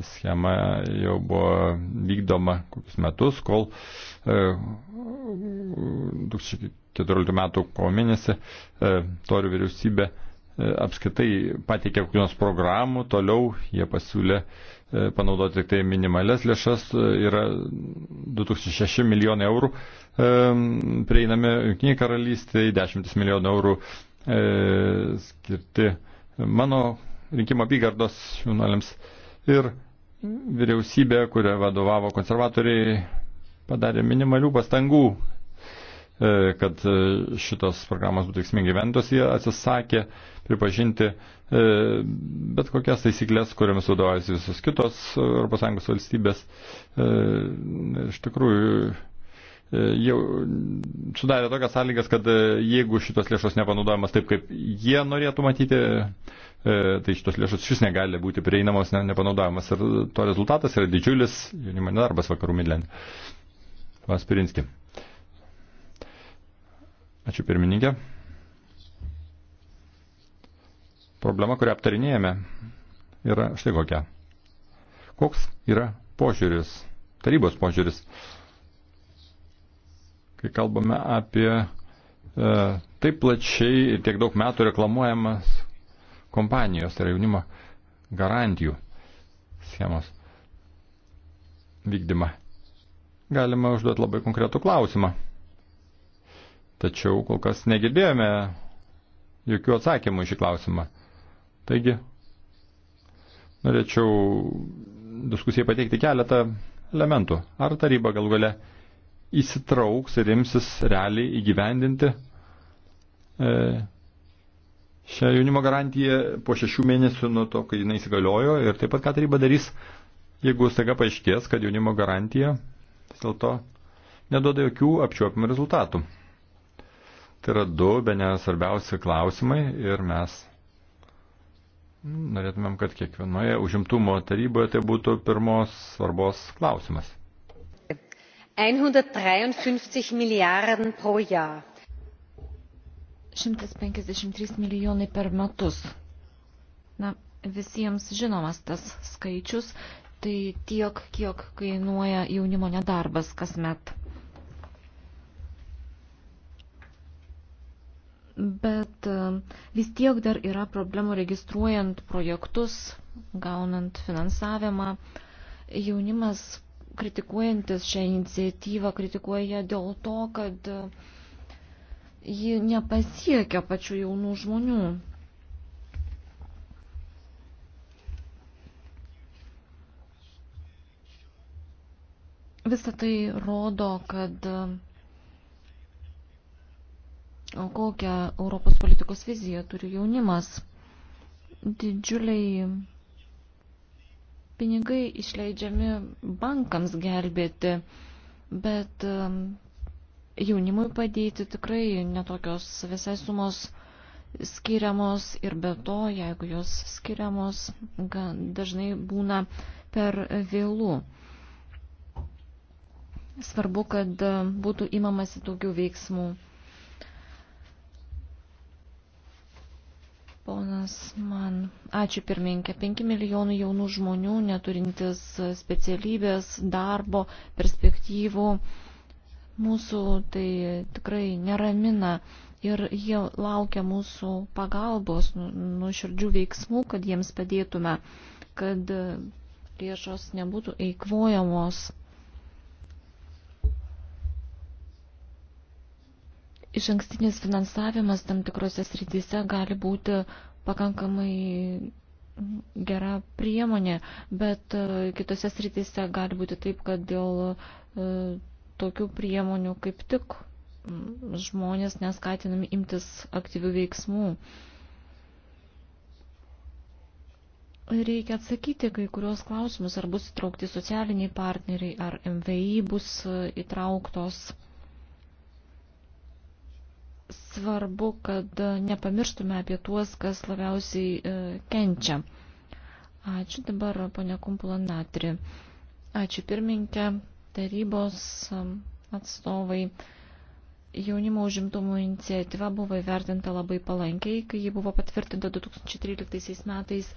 schema jau buvo vykdoma kokius metus, kol 2014 e, metų kovo mėnesį e, Torių vyriausybė e, apskaitai pateikė kokios programų, toliau jie pasiūlė panaudoti tik tai minimales lėšas, yra 2006 milijonai eurų prieinami Junktiniai karalystėje, 10 milijonų eurų skirti mano rinkimo apygardos jaunuoliams. E, ir vyriausybė, kurią vadovavo konservatoriai, padarė minimalių pastangų, e, kad e, šitos programos būtų veiksmingai ventos, jie atsisakė pripažinti e, bet kokias taisyklės, kuriamis vadovaujasi visos kitos ES valstybės. Iš tikrųjų, jau sudarė tokias sąlygas, kad jeigu šitos lėšos nepanaudojamas taip, kaip jie norėtų matyti, E, tai šitos lėšos šis negali būti prieinamos, ne, nepanaudojamas. Ir to rezultatas yra didžiulis jaunimo nedarbas vakarų Midlend. Vaspirinski. Ačiū pirmininkė. Problema, kurią aptarinėjame, yra štai kokia. Koks yra požiūris, tarybos požiūris, kai kalbame apie e, taip plačiai ir tiek daug metų reklamuojamas kompanijos, tai yra jaunimo garantijų schemos vykdymą. Galima užduoti labai konkretų klausimą. Tačiau kol kas negirdėjome jokių atsakymų į šį klausimą. Taigi, norėčiau diskusijai pateikti keletą elementų. Ar taryba gal gale įsitrauks ir imsis realiai įgyvendinti e, šią jaunimo garantiją po šešių mėnesių nuo to, kai jinai įsigaliojo ir taip pat ką taryba darys, jeigu staiga paaiškės, kad jaunimo garantija vis dėlto neduoda jokių apčiuopimų rezultatų. Tai yra du, be ne svarbiausi klausimai ir mes norėtumėm, kad kiekvienoje užimtumo taryboje tai būtų pirmos svarbos klausimas. 153 milijarden pro jaar 153 milijonai per metus. Na, visiems žinomas tas skaičius, tai tiek, kiek kainuoja jaunimo nedarbas kasmet. Bet e, vis tiek dar yra problemų registruojant projektus, gaunant finansavimą. Jaunimas kritikuojantis šią iniciatyvą kritikuoja dėl to, kad uh, ji nepasiekia pačių jaunų žmonių. Visą tai rodo, kad kokią Europos politikos viziją turi jaunimas. Didžiuliai pinigai išleidžiami bankams gelbėti, bet jaunimui padėti tikrai netokios visai sumos skiriamos ir be to, jeigu jos skiriamos, dažnai būna per vėlų. Svarbu, kad būtų įmamasi daugiau veiksmų. Ponas man, ačiū pirminkė, 5 milijonų jaunų žmonių neturintis specialybės, darbo, perspektyvų Mūsų tai tikrai neramina ir jie laukia mūsų pagalbos, nu, nuoširdžių nu veiksmų, kad jiems padėtume, kad lėšos nebūtų eikvojamos. Iš ankstinis finansavimas tam tikrose srityse gali būti pakankamai gera priemonė, bet kitose srityse gali būti taip, kad dėl e, tokių priemonių kaip tik mm, žmonės neskatinami imtis aktyvių veiksmų. Reikia atsakyti kai kurios klausimus, ar bus įtraukti socialiniai partneriai, ar MVI bus įtrauktos. Svarbu, kad nepamirštume apie tuos, kas labiausiai e, kenčia. Ačiū dabar, ponia Kumpula Natri. Ačiū pirminkė tarybos um, atstovai jaunimo užimtumo iniciatyva buvo įvertinta labai palankiai, kai ji buvo patvirtinta 2013 metais,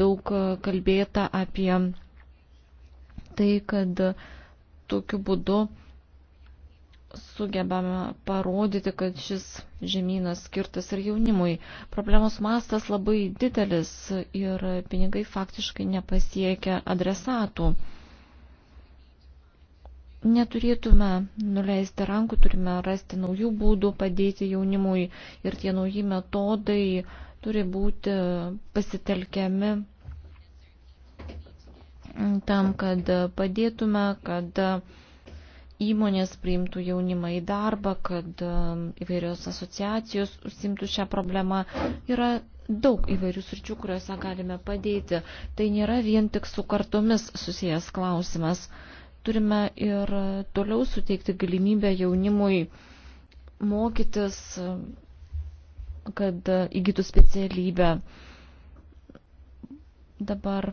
daug uh, kalbėta apie tai, kad tokiu būdu sugebame parodyti, kad šis žemynas skirtas ir jaunimui. Problemos mastas labai didelis ir pinigai faktiškai nepasiekia adresatų neturėtume nuleisti rankų, turime rasti naujų būdų padėti jaunimui ir tie nauji metodai turi būti pasitelkiami tam, kad padėtume, kad įmonės priimtų jaunimą į darbą, kad um, įvairios asociacijos užsimtų šią problemą. Yra daug įvairių sričių, kuriuose galime padėti. Tai nėra vien tik su kartomis susijęs klausimas. Turime ir toliau suteikti galimybę jaunimui mokytis, kad įgytų specialybę. Dabar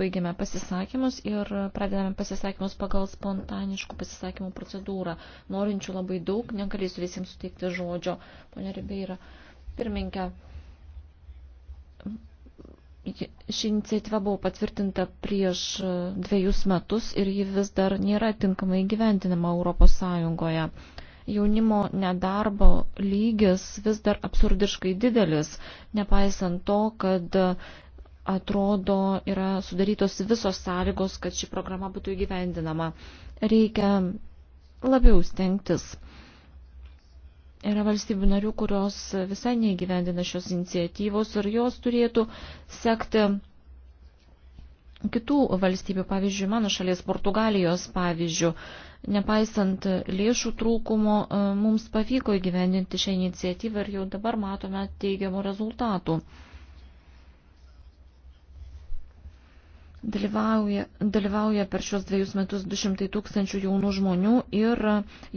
baigiame pasisakymus ir pradedame pasisakymus pagal spontaniškų pasisakymų procedūrą. Norinčių labai daug, negalėsiu visiems suteikti žodžio. Pone Ribeira, pirminkė. Ši iniciatyva buvo patvirtinta prieš e, dviejus metus ir ji vis dar nėra tinkamai gyventinama Europos Sąjungoje. Jaunimo nedarbo lygis vis dar absurdiškai didelis, nepaisant to, kad atrodo yra sudarytos visos sąlygos, kad ši programa būtų įgyvendinama. Reikia labiau stengtis. Yra valstybių narių, kurios visai neįgyvendina šios iniciatyvos ir jos turėtų sekti kitų valstybių, pavyzdžiui, mano šalies Portugalijos pavyzdžių. Nepaisant lėšų trūkumo, mums pavyko įgyvendinti šią iniciatyvą ir jau dabar matome teigiamų rezultatų. Dalyvauja, dalyvauja per šios dviejus metus 200 tūkstančių jaunų žmonių ir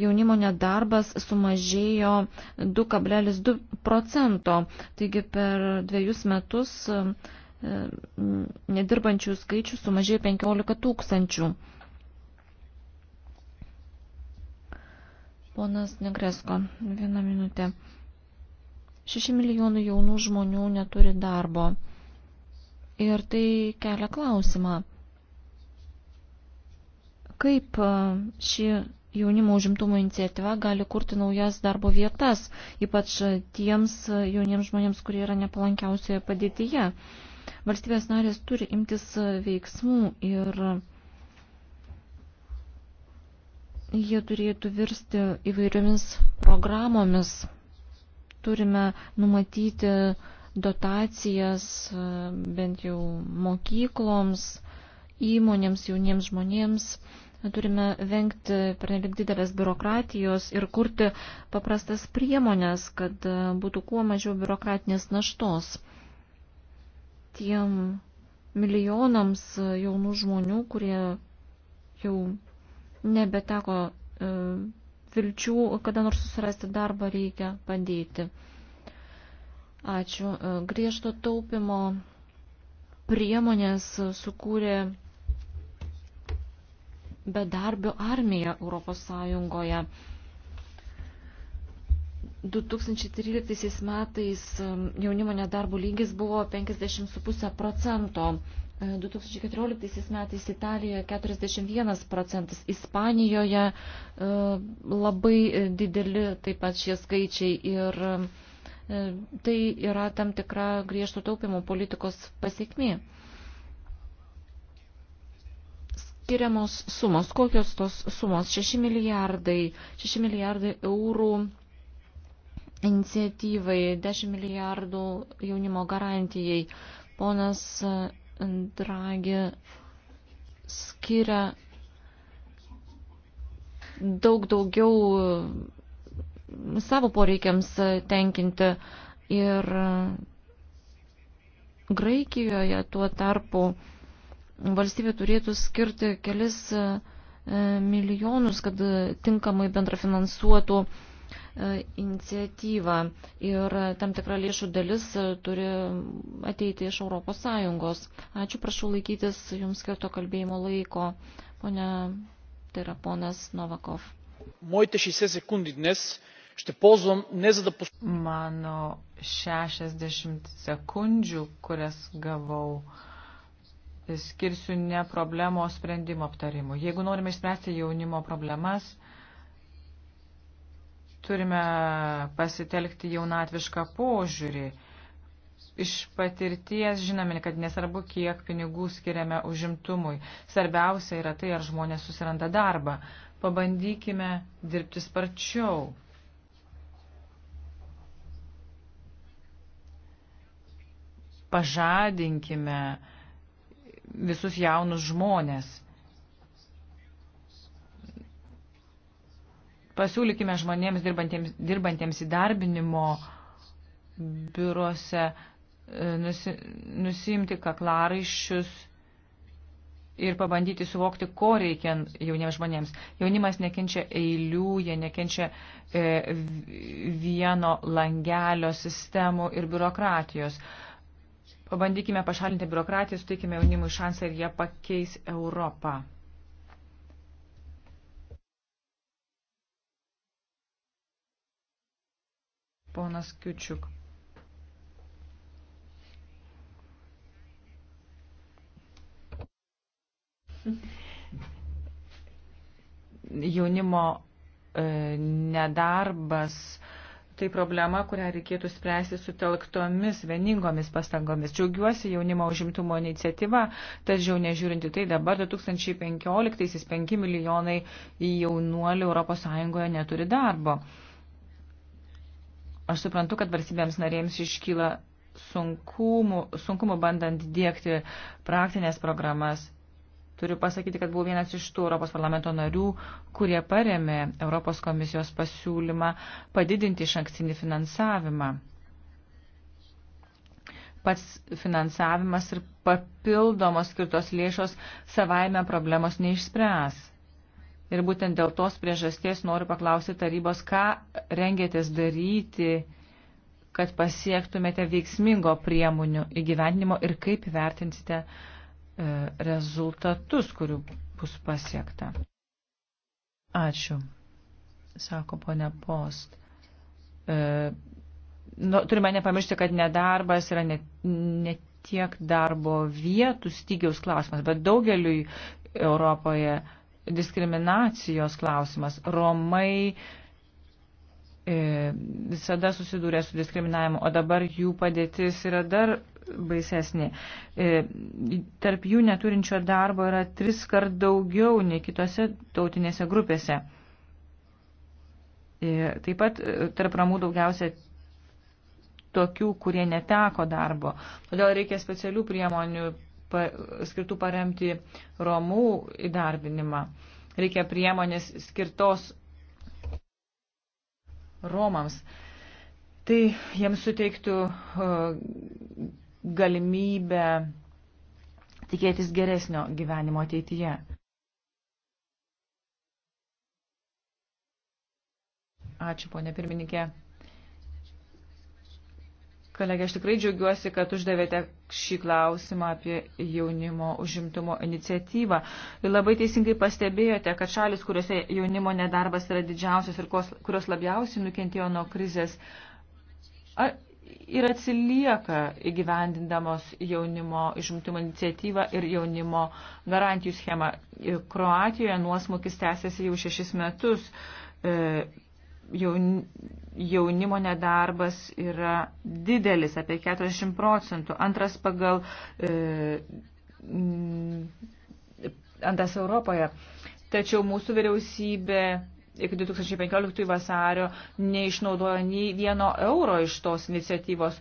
jaunimo nedarbas sumažėjo 2,2 procento. Taigi per dviejus metus e, nedirbančių skaičių sumažėjo 15 tūkstančių. Ponas Negresko, vieną minutę. 6 milijonų jaunų žmonių neturi darbo. Ir tai kelia klausimą, kaip e, ši jaunimo užimtumo iniciatyva gali kurti naujas darbo vietas, ypač tiems jauniems žmonėms, kurie yra nepalankiausioje padėtyje. Valstybės narės turi imtis veiksmų ir jie turėtų virsti įvairiomis programomis. Turime numatyti uh, dotacijas e, bent jau mokykloms, įmonėms, jauniems žmonėms. Turime vengti pernelik didelės biurokratijos ir kurti paprastas priemonės, kad e, būtų kuo mažiau biurokratinės naštos. Tiem milijonams e, jaunų žmonių, kurie jau nebeteko vilčių, kada nors susirasti darbą, reikia padėti. Ačiū. E, griežto taupimo priemonės sukūrė bedarbio armija Europos Sąjungoje. 2013 metais e, jaunimo nedarbo lygis buvo 50,5 procento, 2014 e, metais Italijoje 41 procentas, Ispanijoje labai dideli taip pat šie skaičiai ir E, tai yra tam tikra griežto taupimo politikos pasiekmė. Skiriamos sumos. Kokios tos sumos? 6 milijardai, 6 milijardai eurų iniciatyvai, 10 milijardų jaunimo garantijai. Ponas e, Dragi skiria daug daugiau savo poreikiams tenkinti. Ir Graikijoje tuo tarpu valstybė turėtų skirti kelis e, milijonus, kad tinkamai bendrafinansuotų e, iniciatyvą ir tam tikra lėšų dalis e, turi ateiti iš Europos Sąjungos. Ačiū, prašau laikytis jums skirto kalbėjimo laiko, ponia, tai yra ponas Novakov. Moite 6 sekundį dnes Ще ползвам не за да... Mano 60 sekundžių, kurias gavau, skirsiu ne problemo sprendimo aptarimu. Jeigu norime išspręsti jaunimo problemas, turime pasitelkti jaunatvišką požiūrį. Iš patirties žinome, kad nesvarbu, kiek pinigų skiriame užimtumui. Svarbiausia yra tai, ar žmonės susiranda darbą. Pabandykime dirbti sparčiau. pažadinkime visus jaunus žmonės. Pasiūlykime žmonėms dirbantiems, dirbantiems įdarbinimo biurose e, nusi, nusimti kaklaraiščius ir pabandyti suvokti, ko reikia jauniems žmonėms. Jaunimas nekenčia eilių, jie nekenčia e, vieno langelio sistemų ir biurokratijos. E, Pabandykime pašalinti biurokratiją, suteikime jaunimui šansą ir jie pakeis Europą. Ponas Kiučiuk. Jaunimo e, nedarbas e, Tai problema, kurią reikėtų spręsti sutelktomis, vieningomis pastangomis. Džiaugiuosi jaunimo užimtumo iniciatyva, tačiau nežiūrinti tai dabar 2015-aisiais 5 milijonai jaunuolių ES neturi darbo. Aš suprantu, kad valstybėms narėms iškyla sunkumų, sunkumų bandant dėkti praktinės programas Turiu pasakyti, kad buvau vienas iš tų Europos parlamento narių, kurie paremė Europos komisijos pasiūlymą padidinti iš ankstinį finansavimą. Pats finansavimas ir papildomos skirtos lėšos savaime problemos neišspręs. Ir būtent dėl tos priežasties noriu paklausyti tarybos, ką rengėtės daryti, kad pasiektumėte veiksmingo priemonių įgyvendinimo ir kaip vertinsite uh, E, rezultatus, kurių bus pasiekta. Ačiū, sako ponia Post. E, nu, turime nepamiršti, kad nedarbas yra ne, ne tiek darbo vietų stygiaus klausimas, bet daugeliui Europoje diskriminacijos klausimas. Romai E, visada susidūrė su diskriminavimu, o dabar jų padėtis yra dar baisesnė. E, tarp jų neturinčio darbo yra tris kart daugiau nei kitose tautinėse grupėse. E, taip pat tarp ramų daugiausia tokių, kurie neteko darbo. Todėl reikia specialių priemonių pa, skirtų paremti romų įdarbinimą. Reikia priemonės skirtos Romams. Tai jiems suteiktų e, galimybę tikėtis geresnio gyvenimo ateityje. Ačiū, ponė pirmininkė. Kolegė, aš tikrai džiaugiuosi, kad uždavėte šį klausimą apie jaunimo užimtumo iniciatyvą. Ir labai teisingai pastebėjote, kad šalis, kuriuose jaunimo nedarbas yra didžiausias ir kurios labiausiai nukentėjo nuo krizės, ir atsilieka įgyvendindamos jaunimo užimtumo iniciatyvą ir jaunimo garantijų schemą. Kroatijoje nuosmukis tęsiasi jau šešis metus. E, jaunimo nedarbas yra didelis, apie 40 procentų, antras pagal e, antras Europoje. Tačiau mūsų vyriausybė iki 2015 vasario neišnaudojo nei vieno euro iš tos iniciatyvos.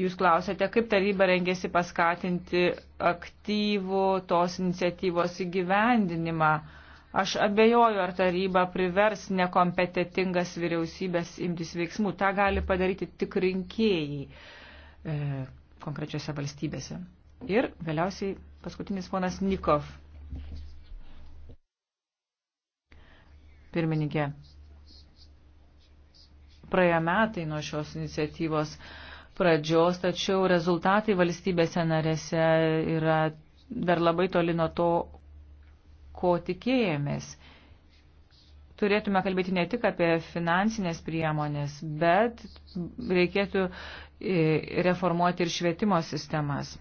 Jūs klausėte, kaip taryba rengėsi paskatinti aktyvų tos iniciatyvos įgyvendinimą. Uh, Aš abejoju, ar taryba privers nekompetitingas vyriausybės imtis veiksmų. Ta gali padaryti tik rinkėjai e, konkrečiose valstybėse. Ir galiausiai paskutinis ponas Nikov. Pirmininkė, praėjo metai nuo šios iniciatyvos pradžios, tačiau rezultatai valstybėse narėse yra dar labai toli nuo to, ko tikėjomės. Turėtume kalbėti ne tik apie finansinės priemonės, bet reikėtų e, reformuoti ir švietimo sistemas.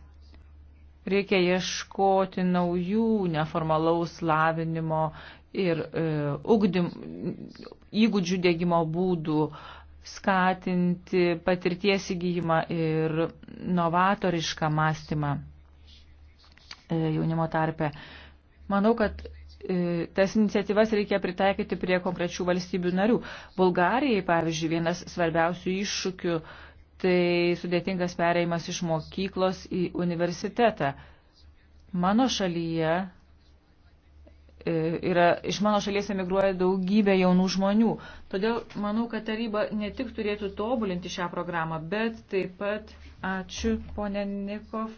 Reikia ieškoti naujų neformalaus lavinimo ir e, ugdym, įgūdžių dėgymo būdų, skatinti patirties įgyjimą ir novatorišką mąstymą e, jaunimo tarpe. E, Manau, kad e, tas iniciatyvas reikia pritaikyti prie konkrečių valstybių narių. Bulgarijai, pavyzdžiui, vienas svarbiausių iššūkių tai sudėtingas pereimas iš mokyklos į universitetą. Mano šalyje e, yra, iš mano šalies emigruoja daugybė jaunų žmonių. Todėl manau, kad taryba ne tik turėtų tobulinti šią programą, bet taip pat ačiū, ponė Nikov.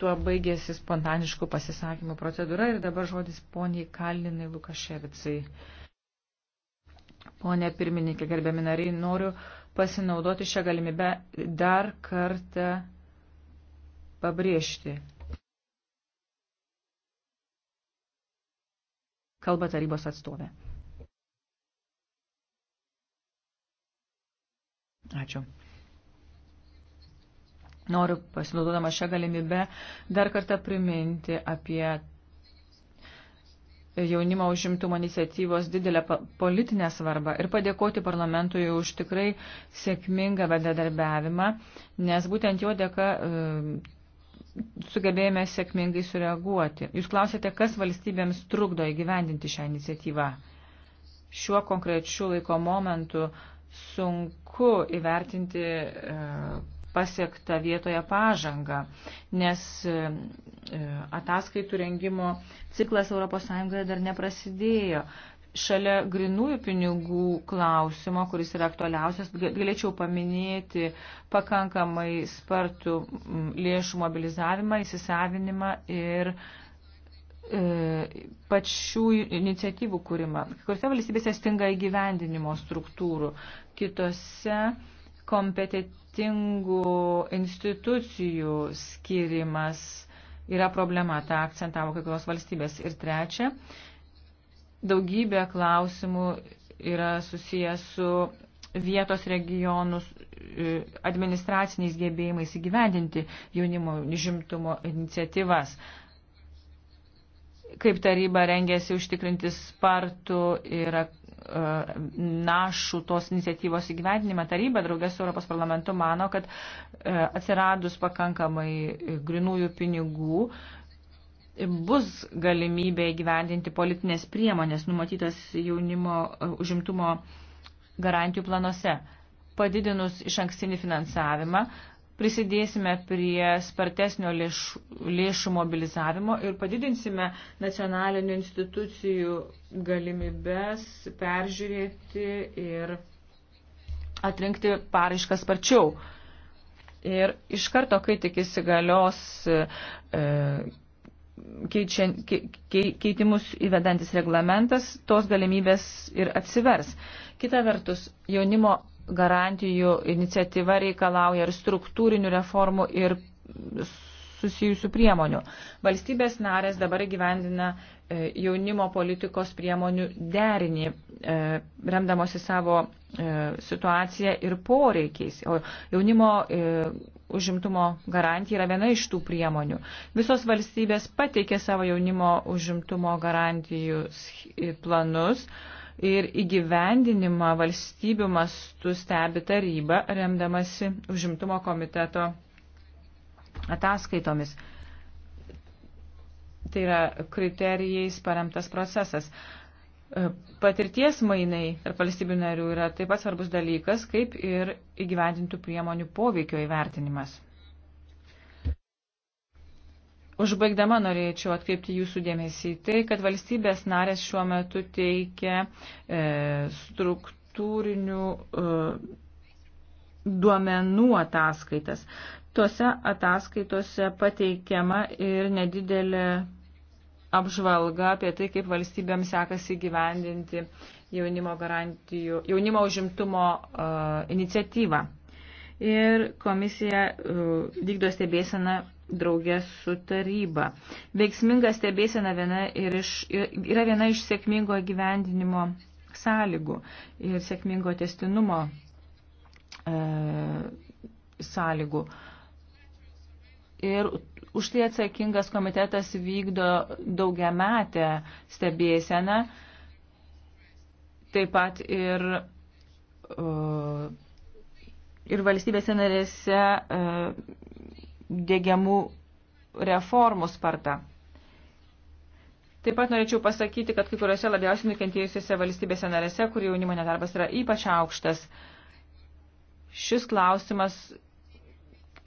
Tuo baigėsi spontaniškų pasisakymų procedūra ir dabar žodis poniai Kalinai Lukaševicai. Pone pirmininkė, gerbiami nariai, noriu pasinaudoti šią galimybę dar kartą pabrėžti. Kalba tarybos atstovė. Ačiū. Noriu pasinaudodama šią galimybę dar kartą priminti apie jaunimo užimtumo iniciatyvos didelę politinę svarbą ir padėkoti parlamentui už tikrai sėkmingą bendradarbiavimą, nes būtent jo dėka e, sugebėjome sėkmingai sureaguoti. Jūs klausėte, kas valstybėms trukdo įgyvendinti šią iniciatyvą. Šiuo konkrečiu laiko momentu sunku įvertinti e, pasiektą vietoje pažangą, nes e, e, ataskaitų rengimo ciklas ES dar neprasidėjo. Šalia grinųjų pinigų klausimo, kuris yra aktualiausias, galėčiau paminėti pakankamai spartų lėšų mobilizavimą, įsisavinimą ir e, pačių iniciatyvų kūrimą. Kai kuriuose valstybėse stinga įgyvendinimo struktūrų, kitose kompetitingų institucijų skirimas yra problema, tą akcentavo kai kurios valstybės. Ir trečia, daugybė klausimų yra susijęs su vietos regionus e, administraciniais gebėjimais įgyvendinti jaunimo žimtumo iniciatyvas. Kaip taryba rengėsi užtikrinti spartų ir našų tos iniciatyvos įgyvendinimą taryba draugės su Europos parlamentu mano, kad e, atsiradus pakankamai grinųjų pinigų bus galimybė įgyvendinti politinės priemonės numatytas jaunimo e, užimtumo garantijų planuose. Padidinus iš ankstinį finansavimą, prisidėsime prie spartesnio lėšų, lėšų mobilizavimo ir padidinsime nacionalinių institucijų galimybės peržiūrėti ir atrinkti paraišką sparčiau. Ir iš karto, kai tik įsigalios e, keičia, ke, ke, keitimus įvedantis reglamentas, tos galimybės ir atsivers. Kita vertus, jaunimo garantijų iniciatyva reikalauja ir struktūrinių reformų, ir susijusių priemonių. Valstybės narės dabar gyvendina e, jaunimo politikos priemonių derinį, e, remdamosi savo e, situaciją ir poreikiais. O jaunimo užimtumo garantija yra viena iš tų priemonių. Visos valstybės pateikė savo jaunimo užimtumo garantijų planus ir įgyvendinimą valstybių mastų stebi taryba, remdamasi užimtumo komiteto ataskaitomis. Tai yra kriterijais paremtas procesas. E, patirties mainai tarp valstybių narių yra taip pat svarbus dalykas, kaip ir įgyvendintų priemonių poveikio įvertinimas. Užbaigdama norėčiau atkreipti jūsų dėmesį į tai, kad valstybės narės šiuo metu teikia e, struktūrinių e, duomenų ataskaitas. Tuose ataskaitose pateikiama ir nedidelė apžvalga apie tai, kaip valstybėms sekasi gyvendinti jaunimo, garantijų, jaunimo užimtumo uh, iniciatyvą. Ir komisija uh, vykdo stebėseną draugės su taryba. Veiksminga stebėsena viena iš, yra viena iš sėkmingo gyvendinimo sąlygų ir sėkmingo testinumo e, sąlygų. Ir už tai atsakingas komitetas vykdo daugiametę stebėseną, taip pat ir, e, ir valstybėse narėse. E, dėgiamų reformų sparta. Taip pat norėčiau pasakyti, kad kai kuriuose labiausiai nukentėjusiuose valstybėse narėse, kur jaunimo nedarbas yra ypač aukštas, šis klausimas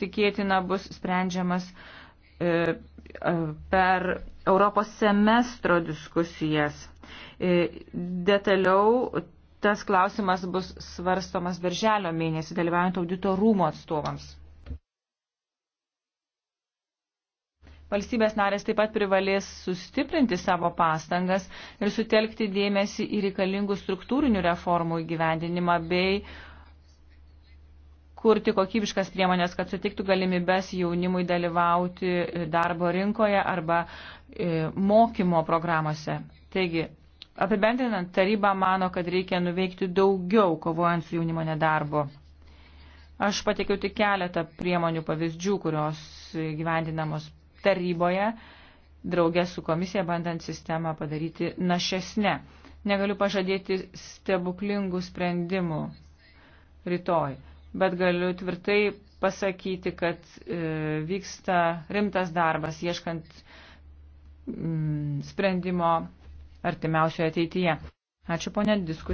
tikėtina bus sprendžiamas e, e per Europos semestro diskusijas. E, detaliau tas klausimas bus svarstomas birželio mėnesį dalyvaujant audito rūmo atstovams. Valstybės narės taip pat privalės sustiprinti savo pastangas ir sutelkti dėmesį į reikalingų struktūrinių reformų įgyvendinimą bei kurti kokybiškas priemonės, kad sutiktų galimybės jaunimui dalyvauti darbo rinkoje arba e, mokymo programuose. Taigi, apibendrinant, taryba mano, kad reikia nuveikti daugiau kovojant su jaunimo nedarbu. Aš pateikiau tik keletą priemonių pavyzdžių, kurios gyvendinamos taryboje, draugė su komisija, bandant sistemą padaryti našesnę. Negaliu pažadėti stebuklingų sprendimų rytoj, bet galiu tvirtai pasakyti, kad e, vyksta rimtas darbas ieškant mm, sprendimo artimiausioje ateityje. Ačiū ponė diskusija.